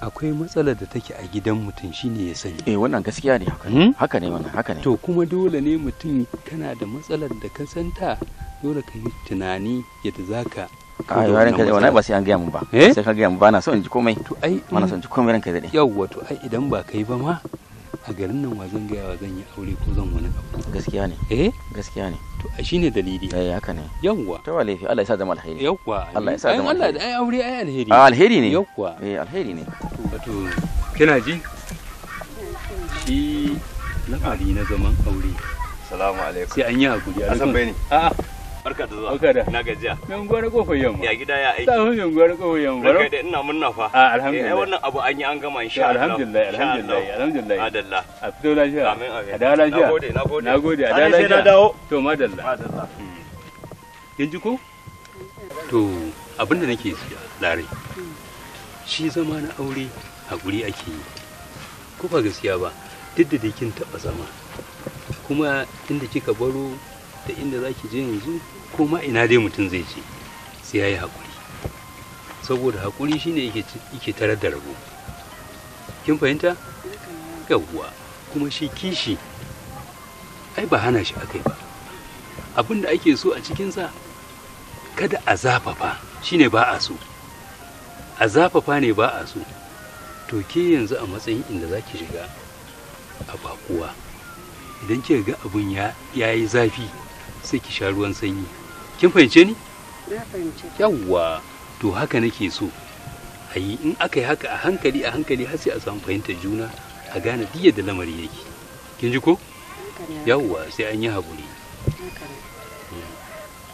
A: akwai matsalar da take a gidan mutum shine ya sani eh wannan gaskiya ne haka ne hmm? haka ne wannan haka ne to kuma dole ne mutum kana da matsalar da ka santa dole ka yi tunani yadda zaka a yi ranka da wani ba sai an gaya mu ba eh? sai ka gaya mu ba na so in ji komai to ai mana so in ji komai ranka da yawwa to ai idan ba kai ba ma a garin nan wa zan gaya wa zan yi aure ko zan wani abu gaskiya ne eh gaskiya ne to a shine dalili eh haka ne
J: yawwa ta wale Allah ya sa zama alheri yawwa Allah ya sa zama alheri
A: ai aure ai alheri a ah, alheri
J: ne yawwa eh alheri
A: ne to kina ji shi lamari na zaman aure assalamu alaikum sai an yi hakuri a san bai ne a'a barka da zuwa barka da na gajiya kofar yamma ya gida ya aiki tafi min gona kofar yamma barka da ina munna fa alhamdulillah eh wannan abu an yi an gama insha Allah alhamdulillah alhamdulillah alhamdulillah adalla a fito lafiya amin amin a dawo lafiya nagode nagode nagode a dawo lafiya dawo to madalla madalla mm. kin ji ko to abinda nake lare shi zama na aure hakuri ake yi ko ba gaskiya ba duk da kin taɓa zama kuma inda kika baro da inda za ki je yanzu ko ma ina dai mutum zai je sai ya yi haƙuri saboda haƙuri shine yake tarar da rabo kin fahimta yawwa kuma shi kishi ai ba hana shi akai ba abin da ake so a cikinsa kada a zafafa shine ba a so a zafafa ne ba a so to ke yanzu a matsayin inda za ki shiga a bakuwa idan kika ga abin ya yi zafi sai ki sha ruwan sanyi kin fahimce ni na fahimce yawwa to haka nake so ayi in aka yi haka a hankali a hankali har sai a samu fahimtar juna a gane diyar da lamari yake kin ji ko yawwa sai an yi haƙuri hmm.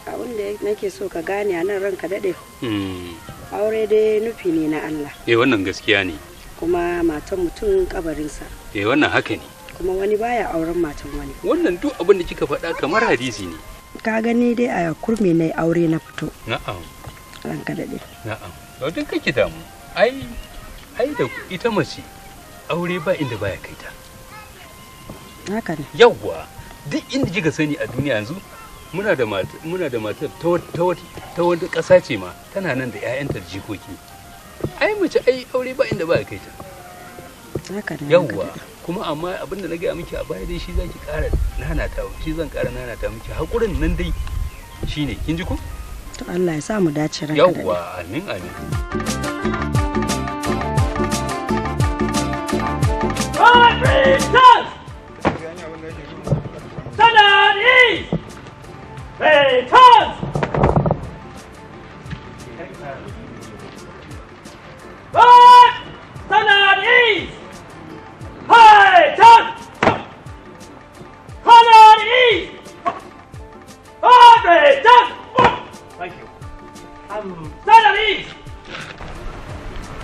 I: abin da nake so ka gane a nan ranka daɗe hmm. aure dai nufi ne na Allah
A: eh wannan gaskiya ne
I: kuma matan mutum kabarinsa
A: eh wannan haka ne
I: kuma wani baya auren matan wani wannan duk abin da kika faɗa
A: kamar hadisi ne
I: ka gani dai a kurme na aure na fito na'am ranka daɗe
A: na'am to duk kake damu ai ai da ita mace aure ba inda baya kai ta haka ne yawwa duk inda kika sani a duniya yanzu muna da mata muna da matar ta wata ƙasa ce ma tana nan da 'ya'yanta jikoki ai mace ai aure ba inda baya kai ta haka ne yawwa kuma amma abin da na gaya miki a baya dai shi zaki ƙara nanata shi zan ƙara nanata miki haƙurin nan dai shine
I: kin ji ko to Allah ya sa mu dace ranka yawwa amin amin
B: Sanan is! Returns! Hey, um,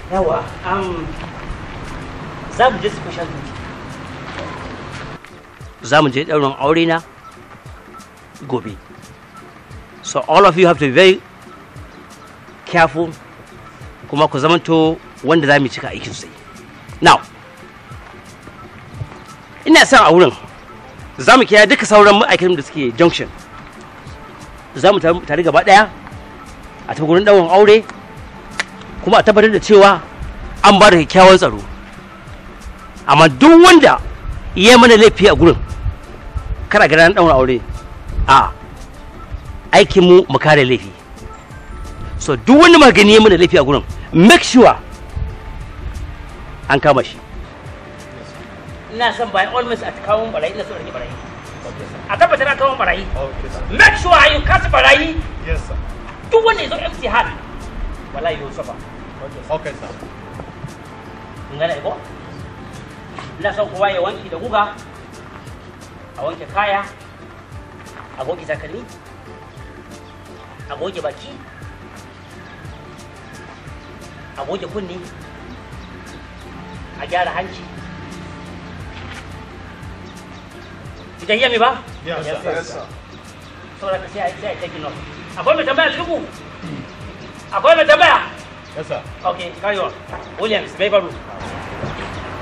B: Yawa, um, ɗaurin aure gobe. So all of you have to be very careful kuma ku zamanto wanda za mu cika aikin sai. Now, ina son a wurin za mu kiyaye duka sauran ma'aikatan da suke junction za mu tare gaba daya a tafi gurin aure kuma a tabbatar da cewa an ba da kyakkyawan tsaro amma duk wanda ya mana laifi a gurin kana gada na ɗaurin aure a aikin mu mu kare laifi so duk wanda magani ya mana laifi a gurin make sure an kama shi ina son by all means a kawo mun barayi ina so rage barayi a tabbatar na kawo barayi make sure you catch barayi yes sir duk wanda yazo MC Hal wallahi yau safa okay sir ngana ko ina son kowa ya wanki da guga a wanke kaya a goge takalmi a goge baki a goge kunni a gyara hanci you can hear me ba yes sir yes sir saboda ka take note akwai mai tambaya dubu akwai mai tambaya yes sir okay carry on williams bai faru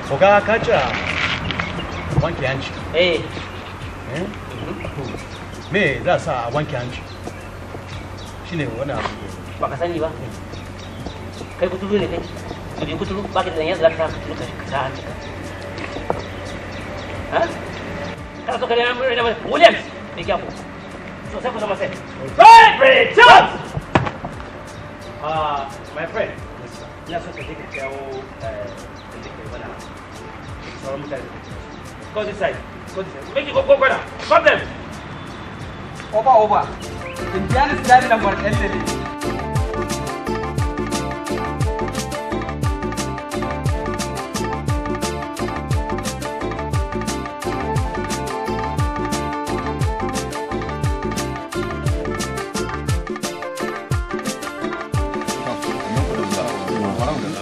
B: ko ga kaca wanke hanci eh. eh me za sa a wanke hanci shine wani abu ka sani ba kai kuturu ne kai kuturu ba ka da yanzu za ka sa hanci ha That's okay. I'm ready. Williams, be careful. So, second number six.
A: Right,
B: my friend. Ina so ka je Go this side. Go this side. Make you go go go Stop them. Over over.
F: number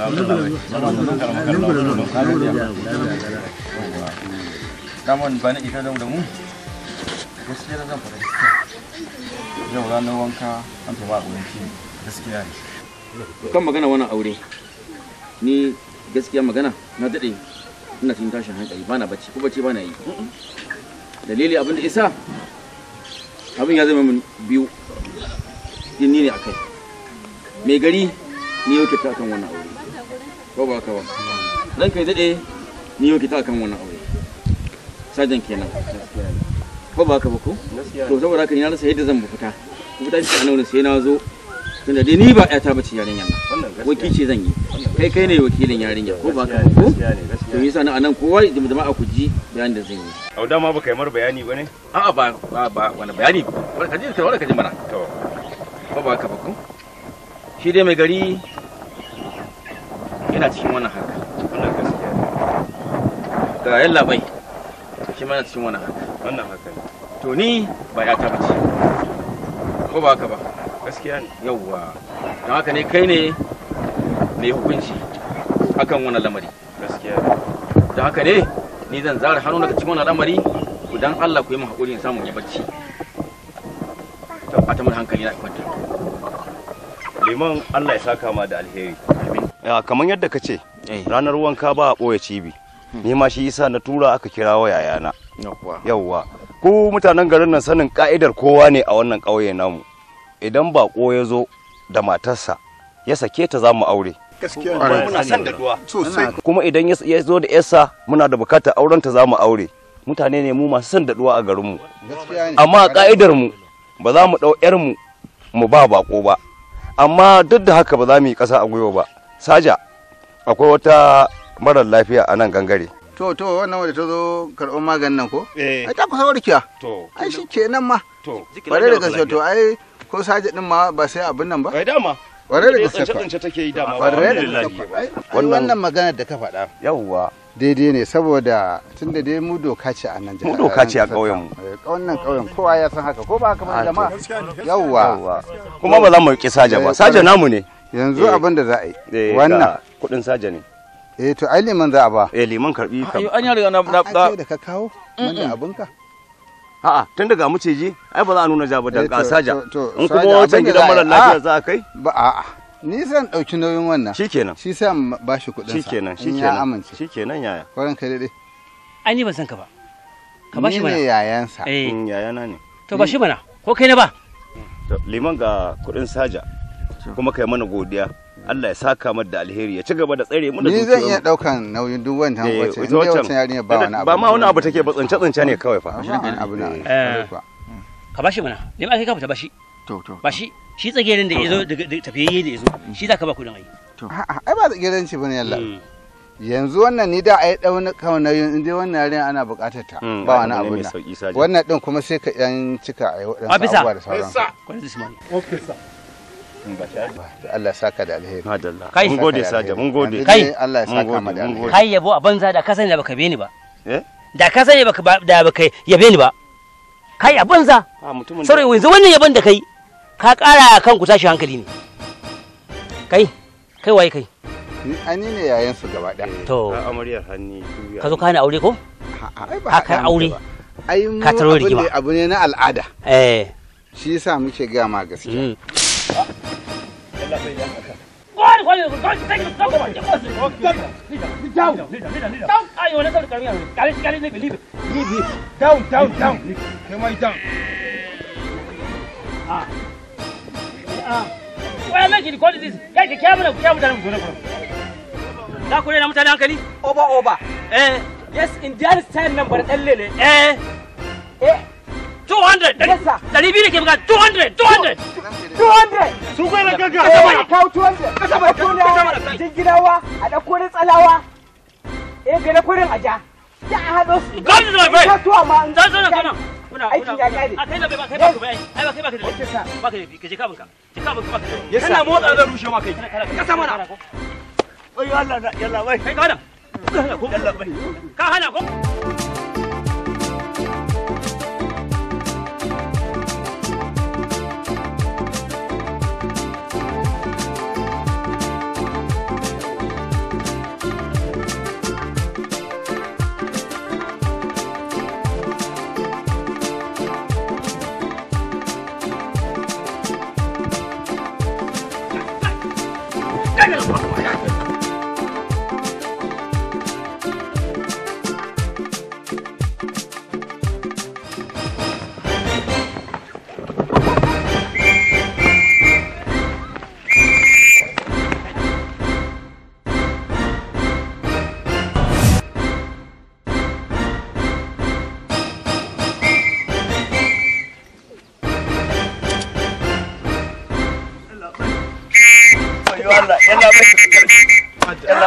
J: daman ba na ita a mu gaskiya kan magana wannan aure ni gaskiya magana na dade ina cikin tashin hankali ba na bacci ko bacci ba na yi dalili abin da isa abin ya zama min biyu ni ne a kai mai gari ni yau kyauta kan wannan aure ko ba ka ba dan kai daɗe ni yau kita kan wannan aure sajan kenan ko ba ka ba ko to saboda haka ni na rasa yadda zan mu fita ku fita shi anan sai na zo tunda dai ni ba ƴata bace yarinyar nan wakilci zan yi kai kai ne wakilin yarinya ko ba ka ko to yasa na anan kowa jama'a ku ji bayanin da zan yi au dama baka yi mar bayani bane a'a ba ba ba wani bayani ka ji sai wani ka ji mana to ba ba ka ba ko shi dai mai gari yana cikin wannan haka wannan gaskiya ga yalla bai shi mana cikin wannan haka wannan haka to ni ba ya ta bace ko ba haka ba gaskiya ne yawwa don haka ne kai ne mai hukunci akan wannan lamari gaskiya don haka ne ni zan zara hannu daga cikin wannan lamari
A: dan Allah ku yi mu hakuri in samu ya bacci to a mun hankali na kwanta liman Allah ya saka ma da alheri kamar yadda ka ce eh. ranar wanka ba a ɓoye cibi ni ma shi isa na tura aka kira wa yayana yawwa ku mutanen garin nan sanin ka'idar kowa ne a wannan ƙauye namu idan baƙo ya zo da matarsa ya sake ta za mu aure kuma idan ya zo da yarsa muna da bukatar auren ta za mu aure mutane ne mu masu son daɗuwa a garinmu
E: amma ka'idar
A: mu ba za mu ɗau mu mu ba baƙo ba amma duk da haka ba za mu yi ƙasa a gwiwa ba saja akwai wata marar lafiya a nan gangare
H: to to wannan wadda ta zo karɓar maganin nan ko eh ai ta kusa warkiya to ai shi kenan ma to bare da gaske to ai ko saje din ma ba sai abin nan ba ai dama bare da gaske tsince take yi dama bare da wannan magana da ka faɗa yawwa daidai ne saboda tun dai mu doka ce a nan mu doka ce a ƙauyen mu eh, ƙauyen ƙauyen kowa ya san haka ko ba haka ba ah, jama'a yawwa kuma ba za mu yi saja ba eh, saja namu ne yanzu eh. abin da za a yi eh, wannan kudin saja ne eh to ai liman za a ba eh liman karbi ka an yi riga na da da ka kawo abun ka.
A: a'a tun daga mu je ai ba za a nuna jaba da eh, saja in kuma wancan gidan mara lafiya za
B: a kai ba a'a
H: ni zan dauki nauyin wannan shikenan shi sai ba shi kudin sa shikenan shikenan shikenan yaya kwaran ka dai
B: ai ni ban san ka ba
A: ka ba shi mana ni ne
H: yayansa in mm, yayana ne to ba shi mana ko kai ne ba
A: liman ga kudin saja kuma kai mana godiya Allah ya saka mata da alheri ya ci gaba da tsare mu da Ni zan iya
H: daukan nauyin duk wannan eh, wacce ne wancan yarinya ba wani abu. Ba ma wani abu take ba tsince tsince ne eh, kawai fa. abu na.
B: Ka bashi mana. Ne ma kai ka fita bashi. To to. Bashi shi tsagerin da yazo daga tafiyayye da yazo shi zaka ba dan ai.
H: To. Ai ba tsagerin ci bane Allah. Hmm. yanzu wannan ni da a yi ɗau nauyin inda wannan yaren ana buƙatar ta hmm, ba wani abu na wannan ɗin kuma sai ka yan cika a yi waɗansu abubuwa da sauran. Allah ya saka da alheri madalla kai mun gode saja mun gode kai Allah ya saka da alheri kai
B: yabo a banza da ka sani da baka beni ba eh da ka baka da baka yabe ni ba kai a banza ah, sarai yanzu wannan yaban da kai ka kara kan ku tashi hankali ne kai kai waye kai
H: ani ne yayan su gaba daya eh, to amaryar hanni ka zo kana aure ko haka aure ai mu abu ne na al'ada eh shi yasa muke ga gaskiya mm. Down,
B: down, down. Come on, down. Ah. Ah. Why am I getting caught in this? Guys, the camera, camera, camera. Da ku ne na mutane hankali? Oba, oba. Eh. Yes, in their style number ɗan Eh. Eh. 200 dari biyu da ke buga 200 200 200 su na gaga kasa mai kawo 200 kasa mai kawo na jingirawa a da kurin eh ga na kurin ya a hado su gwamnati da bai ka tuwa ma zan zo na kana muna aikin ya gane a kai na bai ba kai ba ku bai ai ba kai ba ka da ba ka da ka je ka banka ka ka banka ba ka da kana yalla bai kai ka hana ka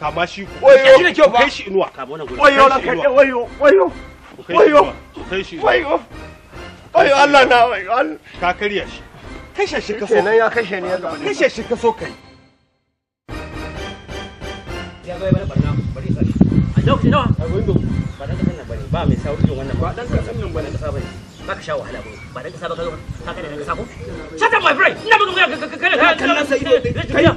C: kama shi ku shi da kyau kai shi inuwa kama wannan gurin na kai shi Allah na ka karya shi shi kaso kenan ya
B: ne ya gaba shi kaso kai ya ga barna bari sai a dauki nawa a window ba dan kasan nan bane ba mai sauri irin wannan ba dan kasan nan bane kasa bane baka sha wahala ba ba dan kasa ba ka ka shut up my ina
C: ka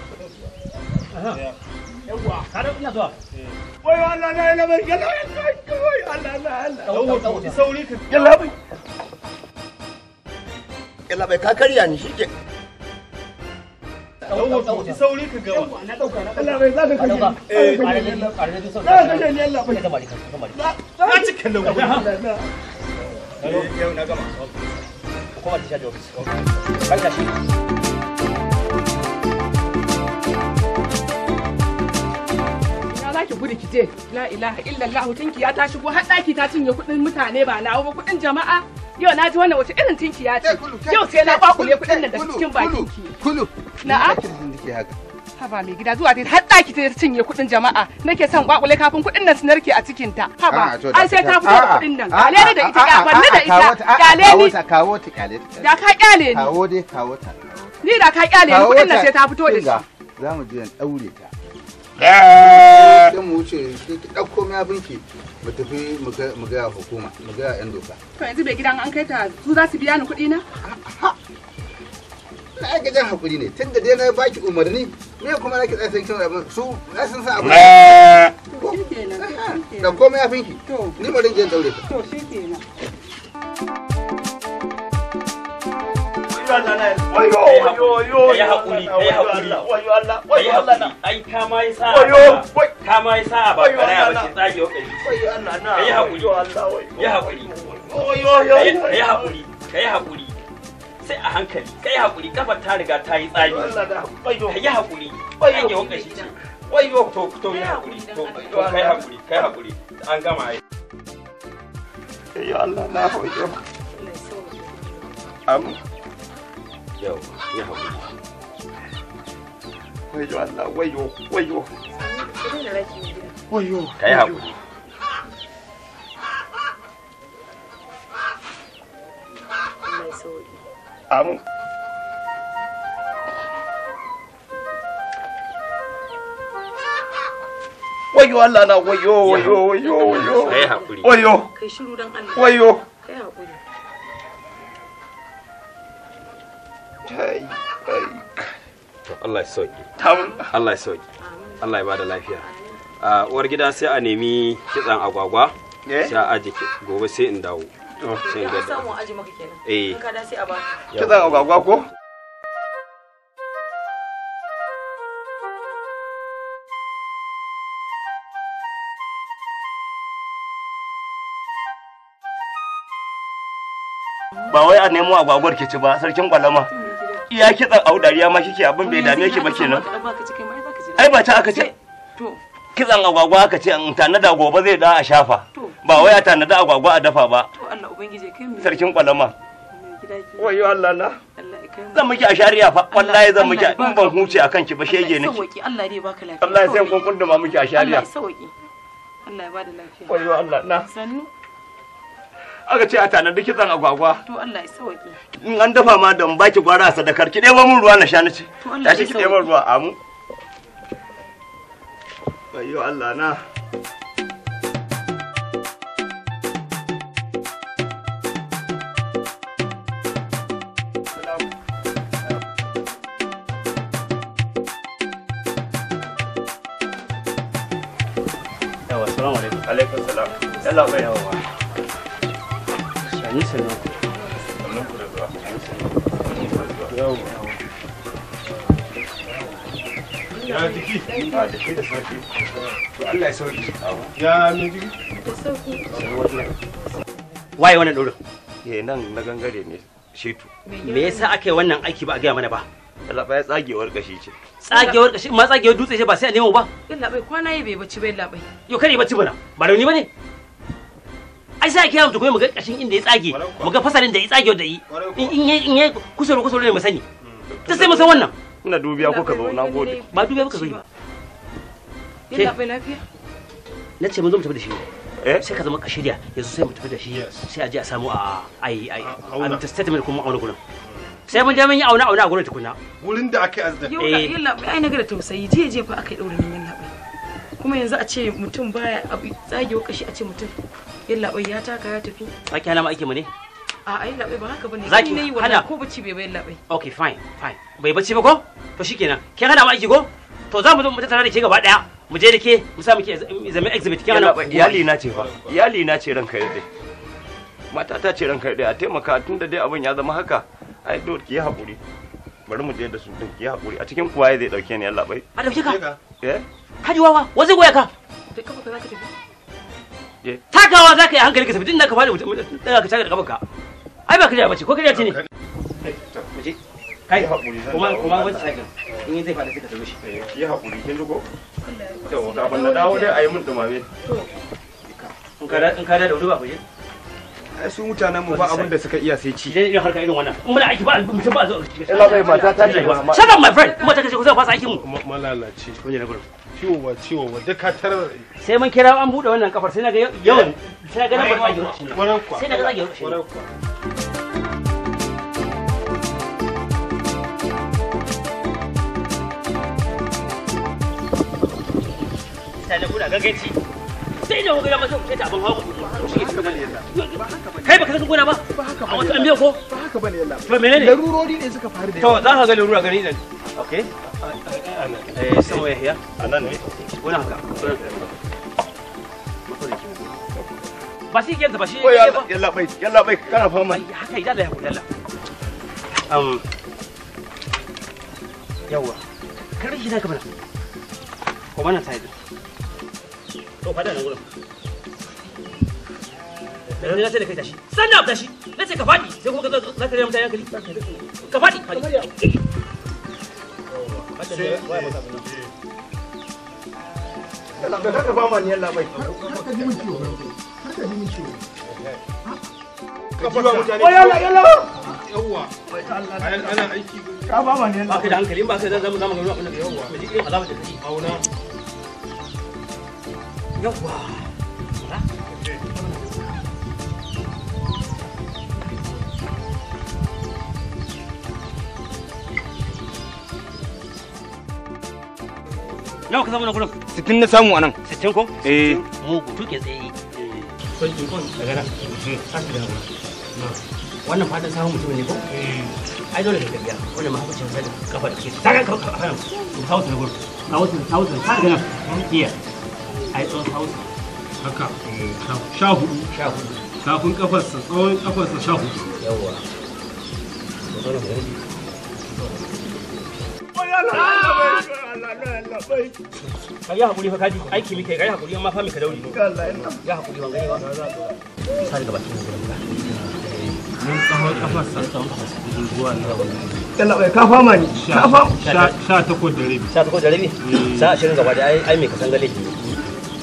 A: yawa ka da ina zuwa wai Allah na ina bai gala kai Allah na Allah dawo sauri ka yalla bai yalla bai ka karya ni shike ɗauki sauri ka gawa. Allah
B: bai za ka kashe. Eh, eh za
A: ka kashe ni Allah bai.
C: Na cika nan
A: gudu. Yau na gama. Kuma ta
B: sha da ofis. Kai ta shi.
F: za gudu ki je la ilaha illallah tinkiya ta shigo har daki ta cinye kudin mutane ba nawo ba kudin jama'a yau na ji wannan wace irin tinkiya ce yau sai na kwakule kudin nan da cikin bakin ki kulu na'a haba mai gida zuwa dai har daki ta cinye kudin jama'a nake son kwakule kafin kudin nan su narke a cikin ta haba ai sai ta fito da kudin nan Kale kyale da ita kyafanni da ita Kale ni
H: kawo ta kyale ta da
F: ka kyale ni kawo
H: dai kawo ta
F: ni da ka kyale ni kudin nan sai ta
H: fito da shi za mu je daure ta Eh! sai mu wuce ki ɗauko mai abinki mu tafi mu gaya hukuma mu gaya 'yan doka
F: to yanzu bai gidan an kai ta su za su biya ni kuɗi na
H: na aika jan hakuri ne tun dai na baki umarni me kuma na tsaya san kin abin su na san sa abin da eh! komai abinki daure to shikenan
A: wayo wayo wayo ai yi yi ba kai sai a hankali kai ta riga ta yi tsage kai hakuri kai yi wanka shi to to yi hakuri to kai hakuri kai an gama ai ya Allah na yau ya na
C: wayo wayo
I: wayo wayo
A: Allah ya sauki Allah ya sauki Allah ya bada lafiya uwar gida sai a nemi kitsan agwagwa eh? sai a aji gobe sai in dawo sai in ga mu
G: aji maka kenan eh ka da sai a ba
A: kitsan agwagwa ko ba wai a nemo agwagwar ke ci ba sarkin kwalama iya kitsan au dariya ma kike abin bai dame ki ba kenan ai ba ta aka ce kitsan agwagwa aka ce in tanada gobe zai da a shafa ba wai a tanada agwagwa a dafa ba
B: to Allah ubangije kai mu sarkin kwalama wayo
A: Allah na zan miki a shari'a fa wallahi zan miki in ban huce akan ki ba shege ne
G: Allah ne baka lafiya Allah sai
A: kun kunduma miki a shari'a Allah ya
G: sauki Allah ya bada lafiya
A: wayo Allah na sannu aka ce a tanadi kitsan agwagwa
G: to Allah ya sauke
A: in an dafa ma da baki gwara sadakar ki ɗebo mun ruwa na sha nace tashi ki ɗebo ruwa amu ayyo Allah na Assalamu alaikum. Alaikum salam. Yalla bai yawa. sannan ku ya jiki a
B: waye wannan dorin eh nan na gangare ne shetu me yasa ake wannan aiki ba a gaya mana ba labai ya tsagewar kashi ce tsagewar kashi ma tsagewar dutse ce ba sai a nemo ba
I: labai kwana yi bai bacci bai labai
B: yau kare bacci bana ba rauni bane ai sai ki hamta kuma mu ga kashin inda ya tsage mu ga fasalin da ya tsage da yi in in ya kusuru kusuru ne mu sani hmm. ta sai mu san wannan ina dubiya ka zo na gode ba dubiya kuka zo ba yana lafiya na ce mun zo mu tafi da shi eh? sai ka zama ka shirya yanzu sai mu tafi da shi sai a je a samu a ai ai a ta statement kuma auna gurin sai mun je mun yi auna auna a gurin tukuna gurin da akai azda eh yalla ai na
I: ga da tausayi je je fa akai yi daure min kuma yanzu a ce mutum baya abu tsage kashi a ce mutum
G: yalla bai ya taka ya tafi
B: zaki hana ma aiki mu ne
G: a ai labai ba haka bane zaki ne wala
B: ko bacci bai bai labai okay fine fine bai bacci ba ko to shikenan ke hana ma aiki ko to za mu zo mu tattara da ke gaba daya mu je da ke mu sa muke zama exhibit ke hana iyali
A: na ce fa iyali na ce ranka yadda mata ta ce ranka dai a taimaka tunda dai abin ya zama haka ai dole ki yi hakuri bari mu je da su din ki hakuri a cikin kuwaye zai dauke ni Allah bai a dauke ka
B: eh kaji wawa wa zai goya ka to kafa za ka tafi eh takawa za yi hankali ka tafi din da ka fara mutum daga ka taka da kafa ka ai ba kariya bace ko kariya ce ne kai hakuri kuma kuma wani tsaka in yi zai fada sai ka tafi shi eh, ki hakuri kin rugo to ka ban dawo dai ayi mun dumame to in ka da in ka da wuri ba ku je su mutanen mu ba abin da suka iya sai ci dai irin harka irin wannan in muna aiki ba mutum ba zo illa bai mata ta ji ba shut up my friend kuma ta kace ku zai fasa aikin mu malalaci kunje na gurin ciwo wa ciwo wa duka tar sai mun kira an bude wannan kafar sai na ga yawan eh. sai na ga nan ba sai na ga zage rufe mutane kuna gaganci sai ba gona ba a wata ambiya ko ba ne suka faru za ka ga larura gani okay eh anan ne
A: haka ba shi ke ba shi ke ba yalla bai yalla bai kana fama haka yalla
B: um yawa kar shi kamar ko mana to fada nan gurin na ce da kai tashi sannan tashi na ce ka faɗi sai kuma za ka mutane hankali ka faɗi faɗi Kaka ba ma
C: niyan labai. Kaka ji min ciwo. Kaka ji min ciwo. Ka fasa. Wa yalla yalla. Yawwa.
B: Ana aiki. Ka ba ma niyan labai. Ba ka da hankali ba ka da zamu zamu ga abin da yawwa. Mu ji irin azabar da kake. Auna. 역 와. 뭐라?
A: Nawa ka samu na kullum? Sittin na samu anan. Sittin ko? Eh. Mu gutu ke zai yi.
B: Sai ki kon daga nan. Asibi da Wannan ma dan samu mutum ne ko? Eh. Ai dole ka biya. Wannan ma hukuncin sai kafa da ke. Daga kafa. Ka hausa na gurin. Ka hausa, ka hausa. Ka daga nan. Iya. ai tsawon hausa haka eh, sha hudu kafin kafarsa tsawon kafarsa sha hudu yawa haƙuri fa kaji aiki haƙuri amma mai ka dauri ya haƙuri gani ba sa daga bakin mun
C: tsawon tsawon zuwa na wani talabai ka fama ni
A: ka fama
B: 18 da rabi 18 da rabi eh. sa 20 gaba da ai mai kasan gale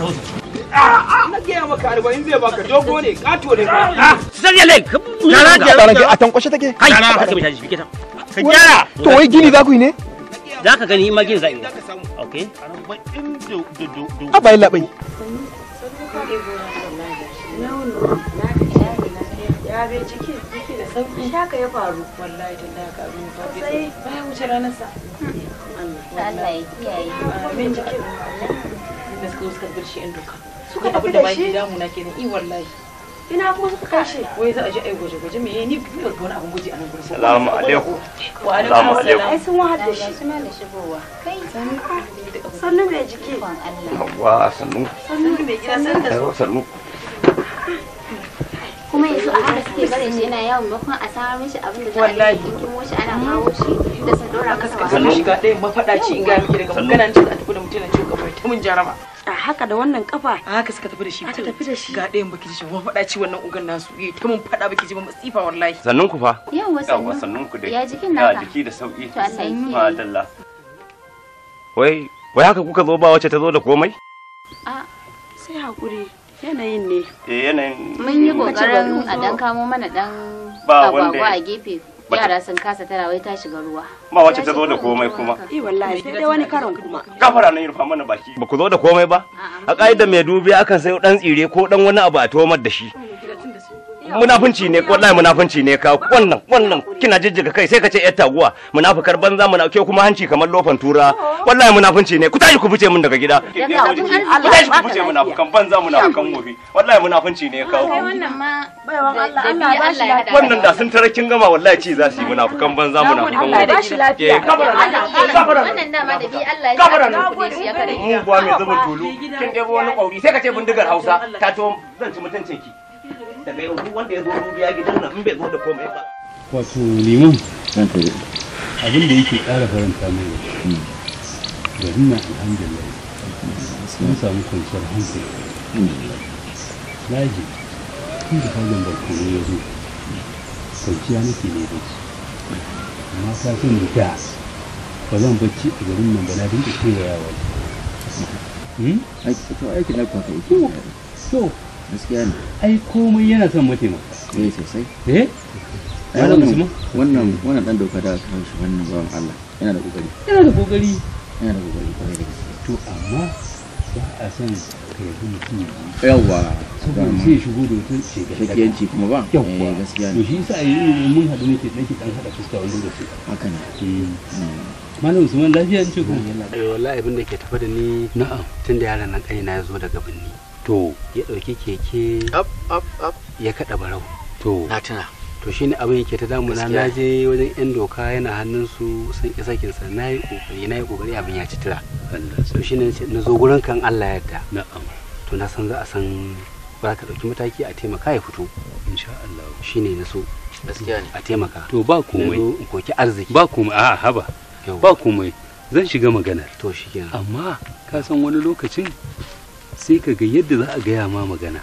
B: na maka arba'in zai baka dogo ne take to wai gini za ku yi ne za ka gani ma za
I: a bai labai ya bai ciki ciki da sauki haka ya faru
G: wallahi da ka abin sai
I: bayan wuce ranar
G: Allah ya kiyaye amin cikin da suka suka bar shi in duka suka tafi da shi na kenan i eh
I: wallahi ina kuma suka kai wai za a je ai gwaje gwaje me ni ni ban wani abun gwaji a nan gurin salamu alaikum wa alaikum assalam ai sun wahar da shi suna da shigowa kai sannu mai jiki
A: wa sannu
I: sannu mai gida sannu sannu kuma yanzu a haka suke barin
G: shi yana yawon makon a samar mishi abin da za
I: a
F: yi kimo shi ana kawo shi da sun masa wahala. Sannu shiga ɗayan mafaɗaci in gaya miki daga maganan ce a tafi da mutum na cikin kamar ta mun jarama.
I: a haka da wannan kafa a haka suka tafi da shi aka tafi da shi ga ɗayan baki shi wani faɗa ci wannan ugan nasu yi eh, ta mun faɗa baki ji ba masifa wallahi sannan
A: ku fa yawa sannan ku dai ya jikin naka ya jiki da sauki to Allah yi madalla wai wai haka kuka zo ba wacce ta zo da komai
G: a sai
I: hakuri yanayin ne
A: eh yanayin
G: mun yi kokarin a dan kamo mana dan
A: ba wanda a
G: gefe yara sun kasa tara wai ta shiga ruwa
A: ba wace ta zo da komai kuma
I: eh wallahi sai dai wani karon kuma
A: gafara nan rufa mana baki ba ku zo da komai ba a ka'idar mai dubi akan sayo dan tsire ko dan wani abu a tomar da shi mm. munafunci ne wallahi munafunci ne ka wannan wannan kina jijjiga kai sai ka ce yar taguwa munafukar banza muna ke kuma hanci kamar lofan tura wallahi munafunci ne ku tashi ku fice min daga gida
G: ku
A: tashi ku fice munafukan banza munafukan wofi wallahi munafunci ne ka wannan
G: ma baiwan Allah Allah ya lafiya wannan da
A: sun tare kin gama wallahi ci za su yi munafukan banza munafukan wofi ba shi lafiya eh,
I: kabaran kabaran wannan da ma da bi Allah ya kabaran mu ba mai zubin tulu kin dai wani
A: kauri sai ka ce bindigar Hausa ta to zan ci mutuncin ki daga yau duk wanda ya zo dubiya gidan nan bai zo da komai ba wato liman abin da yake ƙara faranta mai da nan alhamdulillah sun samu kwanciyar hankali laji tun da fagen ya zo kwanciya nake ne bacci amma ta san da ba zan bacci a garin nan ba na dinka kewayawa hmm? to gaskiya ne ai komai yana son mataimaka eh, sosai eh wannan
J: wannan dan doka da shi wannan bawan Allah yana da kokari
B: yana da kokari
J: yana da kokari kwarai da
A: to amma ba a mutum yawa saboda sai shigo da wata shekiyanci kuma ba yawa eh, gaskiya ne to shi yasa yi mun haɗu nake nake dan fuska haka ne eh. hmm. malam usman lafiya ne wallahi abin da ke tafa da ni na'am tunda yaran nan kai na ya zo daga birni to ya ɗauki keke ya kaɗa barau to na tuna to shine abin yake ta damuna na je wajen yan doka yana hannun su sun isa kinsa na yi kokari na yi kokari abin ya ci to shine na zo gurin kan Allah yadda na'am to na san za a san ba ka ɗauki mataki a taimaka ya fito insha Allah shine na so gaskiya ne a taimaka to ba komai in koki arziki ba komai a'a haba ba komai zan shiga maganar to shikenan amma ka san wani lokacin sai ka ga yadda za a gaya ma magana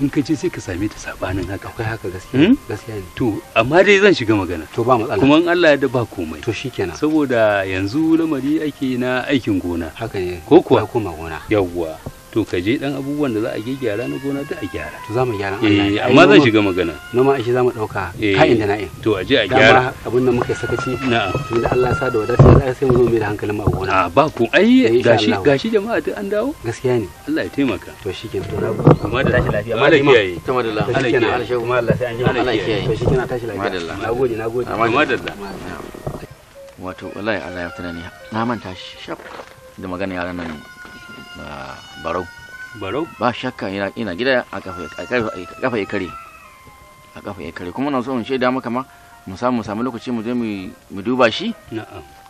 A: in ka ce sai ka same ta sabanin haka akwai haka gaskiya hmm? gaskiya ne to amma dai zan shiga magana to ba matsala kuma in Allah ya da ba komai to shikenan saboda yanzu lamari ake na aikin gona haka ne ko kuwa koma gona yawwa to ka je dan abubuwan da za a gyara na gona duk a gyara to za mu gyara eh, Allah eh amma zan shiga magana noma shi za mu dauka eh, ka'in da na'in to a je a gyara abin da muka sakaci na'am tunda Allah ya sa da wadata za sai mu zo mai da hankalin mu a gona a ah, ba ku ai eh, gashi gashi jama'a duk an dawo gaskiya ne Allah ya taimaka to shikenan to rabu amma da tashi lafiya amma da kiyaye to madalla Allah ya kiyaye
J: Allah sai an ji Allah ya kiyaye to shikenan tashi lafiya madalla nagode nagode amma madalla wato wallahi Allah ya tunani na manta shi shaf da magana yaran nan barau barau ba shakka ina gida a kafa ya kare a kafa ya kare kuma na so in shaida maka ma mu samu samu lokaci mu je mu duba shi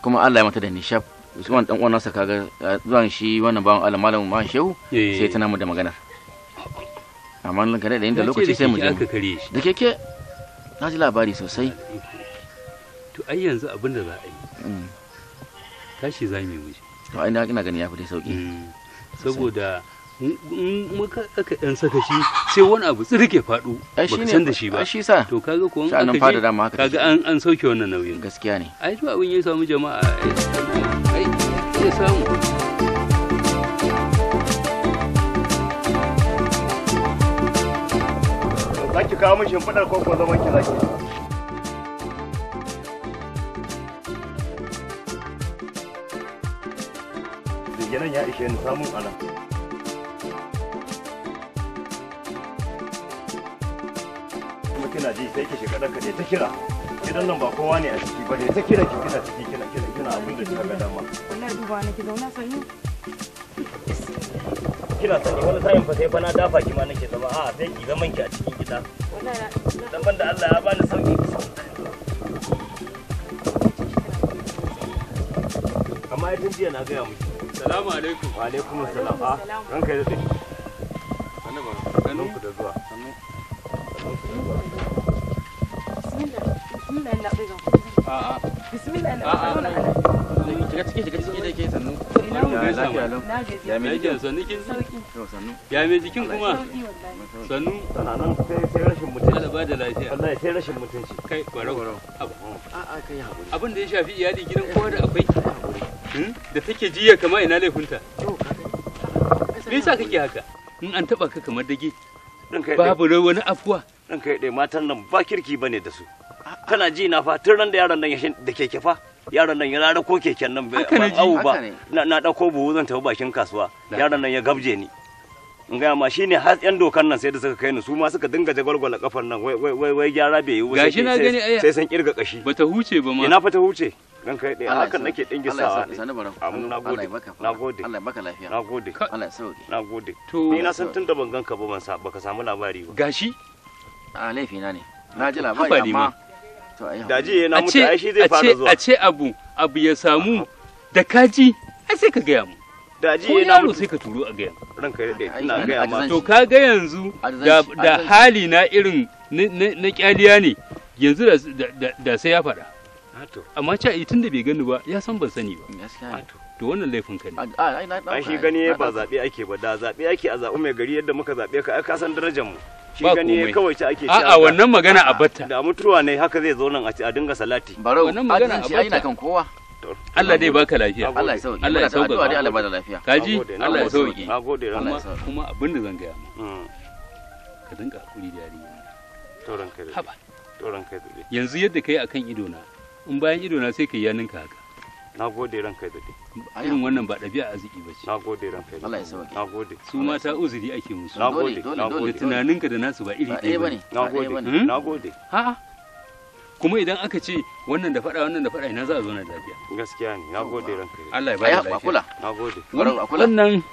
J: kuma Allah ya mata da nishaf Usman dan uwan nasa kaga zuwan shi wannan bawan Allah malamin ma shehu eh. sai tana mu da magana amma nan kare da inda lokaci sai mu je da keke na ji labari sosai
A: to ai yanzu abin da za a yi mm. tashi za yi
J: to ai ina gani ya
A: fi sauki mm. saboda in muka aka dan saka shi sai wani abu tsirke faɗo baka san da shi ba shi sa to kaga ko an aka je kaga an an sauke wannan nauyin gaskiya ne ai to abin ya samu jama'a ai ya samu zaki kawo ko ko zaman ki zaki rage ya ishe ni samun ana kuma kina ji sai ki shiga ɗanka ne ta kira gidan nan ba kowa ne a ciki ba ne ta kira ki kina ciki kina kina kina
I: abin da kika ga dama wannan duba ne ki zauna sanyi
A: kina sani wani sayin fa sai fa na dafa ki ma nake zama a'a sai ki zaman ki a cikin gida dan banda Allah ya bani sauki kamar ai jiya na gaya miki salamu alaikum. Wa alaikum ah, Sannu ba. Sannu ku da zuwa. Sannu.
F: Bismillah. Bismillah. A'a. Bismillah. A'a.
J: Shiga ciki shiga ciki da ke sannu.
E: ya me jikin
A: ya me kuma sannu ba da lafiya wallahi sai rashin mutunci kai barau abin da ya shafi iyali gidan kowa da akwai hmm? da take jiya kama ina laifinta me yasa kake haka in an taba ka kamar dage babu rai wani afuwa dan kai dai matan nan ba kirki bane da su kana ji na fa tun ran da yaron nan ya da keke fa yaron nan ya ko keken nan bai awu ba na ko buhu zan tafi bakin kasuwa yaron nan ya gabje ni in ga ma shine har yan dokan nan sai da suka kai ni su ma suka dinga jagwalgwala kafar nan wai wai wai gyara bai yi gashi na gani sai san kirga kashi bata huce ba ma ina fata huce dan kai dai ah, hakan nake dinga sawa na gode na gode Allah ya baka lafiya gode Allah ya sauke nagode ni na san tunda ban ganka ba ban sa baka samu labari ba gashi a n'a ne na ji labari amma da ji na mutu ai shi zai fara zuwa a ce abu abu ya samu da kaji ai sai ka gaya mu da ji na yaro sai ka turo a gaya ranka dai ina gaya ma to ka ga yanzu da hali na irin na kyaliya ne yanzu da sai ya faɗa ah, amma ce a yi tun da bai gani ba ya san ban sani ba to wannan laifin ka ne a shi gani ba zaɓe ake ba da zaɓe ake a zaɓi mai gari yadda muka zaɓe ka ka san darajar mu shi gani kawai ci ake a'a wannan magana a batta da mutuwa ne haka zai zo nan a ci a dinga salati barau wannan magana a batta kan kowa Allah dai baka lafiya Allah ya sauke Allah ya Allah ya bada lafiya kaji Allah ya sauke nagode Allah ya kuma abin da zan gaya ma mm. ka dinga hakuri da yari to ranka haba to ranka yanzu yadda kai akan idona in bayan idona sai kai yaninka haka na gode ranka kai daɗe irin wannan ba ɗabi'a arziki ba ce na gode ranka kai Allah ya sauke na gode su mata uzuri ake musu na gode na gode da tunaninka da nasu ba iri ɗaya bane na gode hmm? na gode ha kuma idan aka ce wannan da faɗa wannan da faɗa ina za a zo na lafiya gaskiya ne na gode ranka kai Allah ya ba lafiya kula na gode wannan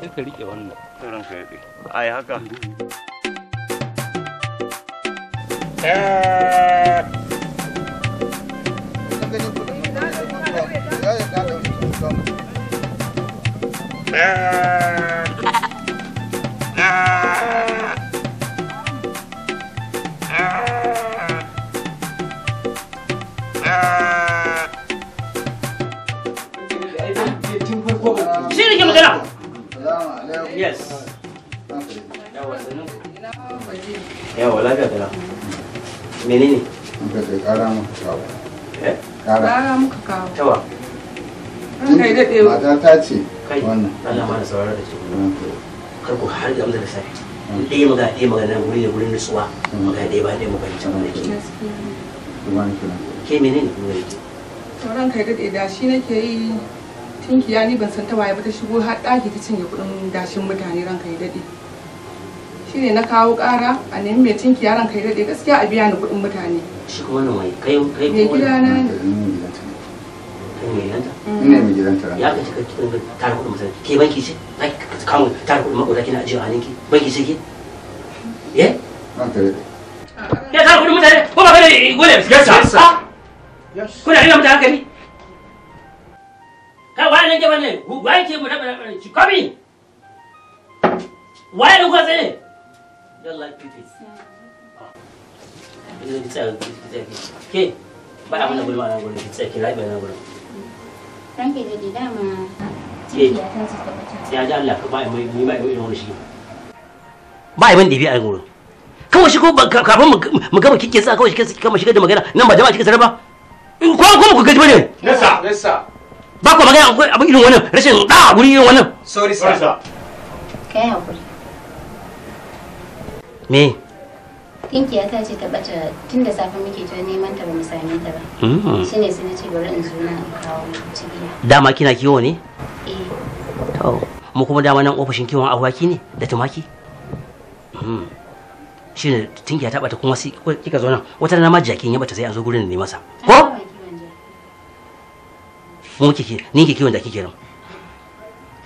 A: sai ka rike wannan ran kai daɗe ai haka
H: Eh
B: yawa lafiya
F: eh?
H: da ta ce kai Allah ma da saurara da ke gudu kar ku har da amsa da safe ɗaya
B: maga ɗaya maga nan guri da gurin nutsuwa maga hmm. ɗaya ba ɗaya maga can
F: da
B: ke ke menene kuma yake
F: sauran kai daɗe da shi nake yi tinkiya ni ban san tawaye ba ta shigo har ɗaki ta cinye kuɗin dashin mutane ranka ya shi ne na kawo ƙara a nemi mai tinkiya ranka ya daɗe gaskiya a biya ni kuɗin mutane
B: shi kuma nan waye kai kai kuma gidana ne ina ya kace ka cikin tara kudin mutane ke banki ce za ki kawo tara kudin makoda kina ajiye a hannunki banki ce ke eh? ya tara kudin mutane ko ba kada gole gaskiya kuna ina mutane hankali kai wani nan jaban ne wani ke mu rabe rabe ci komi wani ne ranka ya ka a kawai kafin mu kike sa kawai shi kama shigar da magana nan ba jama'a kike sanar ba in ko ko ku gaji bane ba ku magana akwai abin irin wannan rashin da guri irin wannan sorry sir kai hakuri me
I: Tinkiya ta ce ta bata tun da safe muke ta neman ta bamu mu same
G: ta ba. Hmm. Shi ne sai na ce bari in zo na kawo cikiya.
B: Dama kina kiwo ne? Eh. To, mu kuma dama nan ofishin kiwon awaki ne da tumaki. Hmm. Shi ne tinkiya ta bata kuma sai kika zo nan wata rana ma jakin ya bata sai an zo gurin ne masa. Ko? Mu kike ni kike kiwon da kike nan.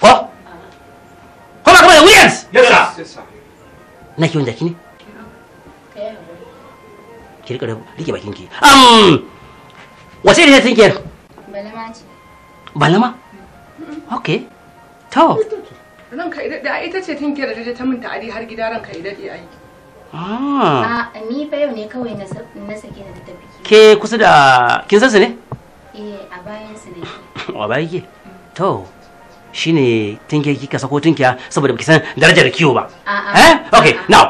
B: Ko? Kuma kuma da Williams. Yes sir. Na kiwon jaki ne? ki rika rike bakin ki am wace ne tinkiyar balama ce balama okay to
F: ranka idade a ita ce tinkiyar da ta minta ari har gida ranka idade ai
B: a ah. ah,
F: ni fa yau ne kawai na sake na ta tafi.
B: Ke kusa da kin san su ne?
G: Eh, a bayan su ne.
B: (coughs) A bayan ke? To, shine tinkiya ka sako tinkiya saboda baki san darajar kiwo ba.
G: Eh? Okay,
B: now.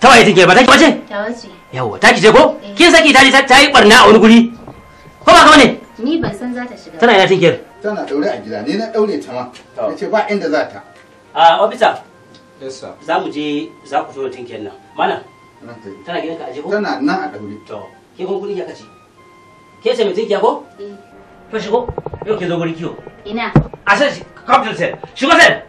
B: tawaye waye take ba take bace ta wace yawa ta eh. ki ko kin saki
G: ta ta yi barna a wani guri ko ba ka bane ni ban san za ta shiga tana yana tinkiyar tana
H: daure a gida ne na daure ta ma nace ba inda za ta a officer yes sir
B: za mu je za ku zo tinkiyar nan mana tana gidan ka aje ko tana nan a daure to ke kun kudi ya kace ke ce mai tinkiya ko eh. to shigo yau ke zo guri kiyo ina a sai kafin sai shigo sai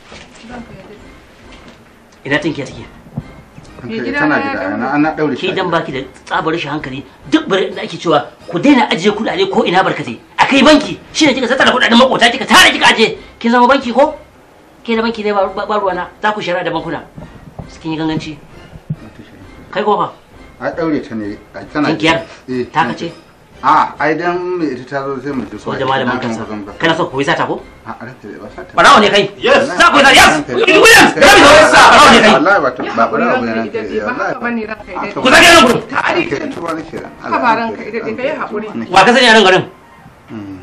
B: ina tinkiya take tana dan baki da tsabar shi hankali duk bare da ake cewa ku daina ajiye kudade ko ina barkatai akai banki shine kika tattara kudaden makota kika tare kika ajiye kin zama banki ko ke da banki dai ba ruwana za ku shara da bankuna cikin yi ganganci kai ko fa
H: a daure ta ne tana eh, ta kace a ai dan ita ta zo sai mu ji so da malaman kansa kana so ku yi sata ko a ne kai yes za ku yi sata yes williams da mu yi sata ne kai wallahi ba ba barawo ne kai wallahi ku zage nan gurin ta ari kai tuwa ne shirin
F: Allah ba kai hakuri
H: wa ka sani nan garin hmm.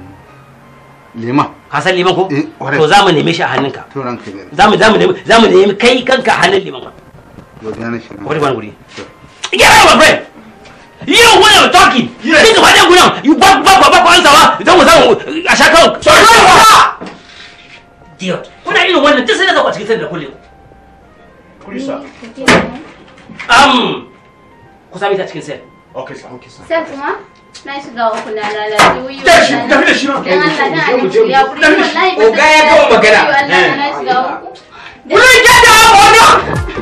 H: liman
B: ka san liman ko eh, to za mu neme shi a hannunka to za mu za mu neme za kanka hannun liman ko wani wani guri my yau when I'm talking yes. think about that gudan you back back b'a back ansawa idan mu samu a sha kan sorry sir dear kuna irin wannan duk sai da ku cikin sanda kullum kuri am ku sami ta cikin sel okay sir okay sir
G: sir kuma na shiga uku na lalace da shi da shi da da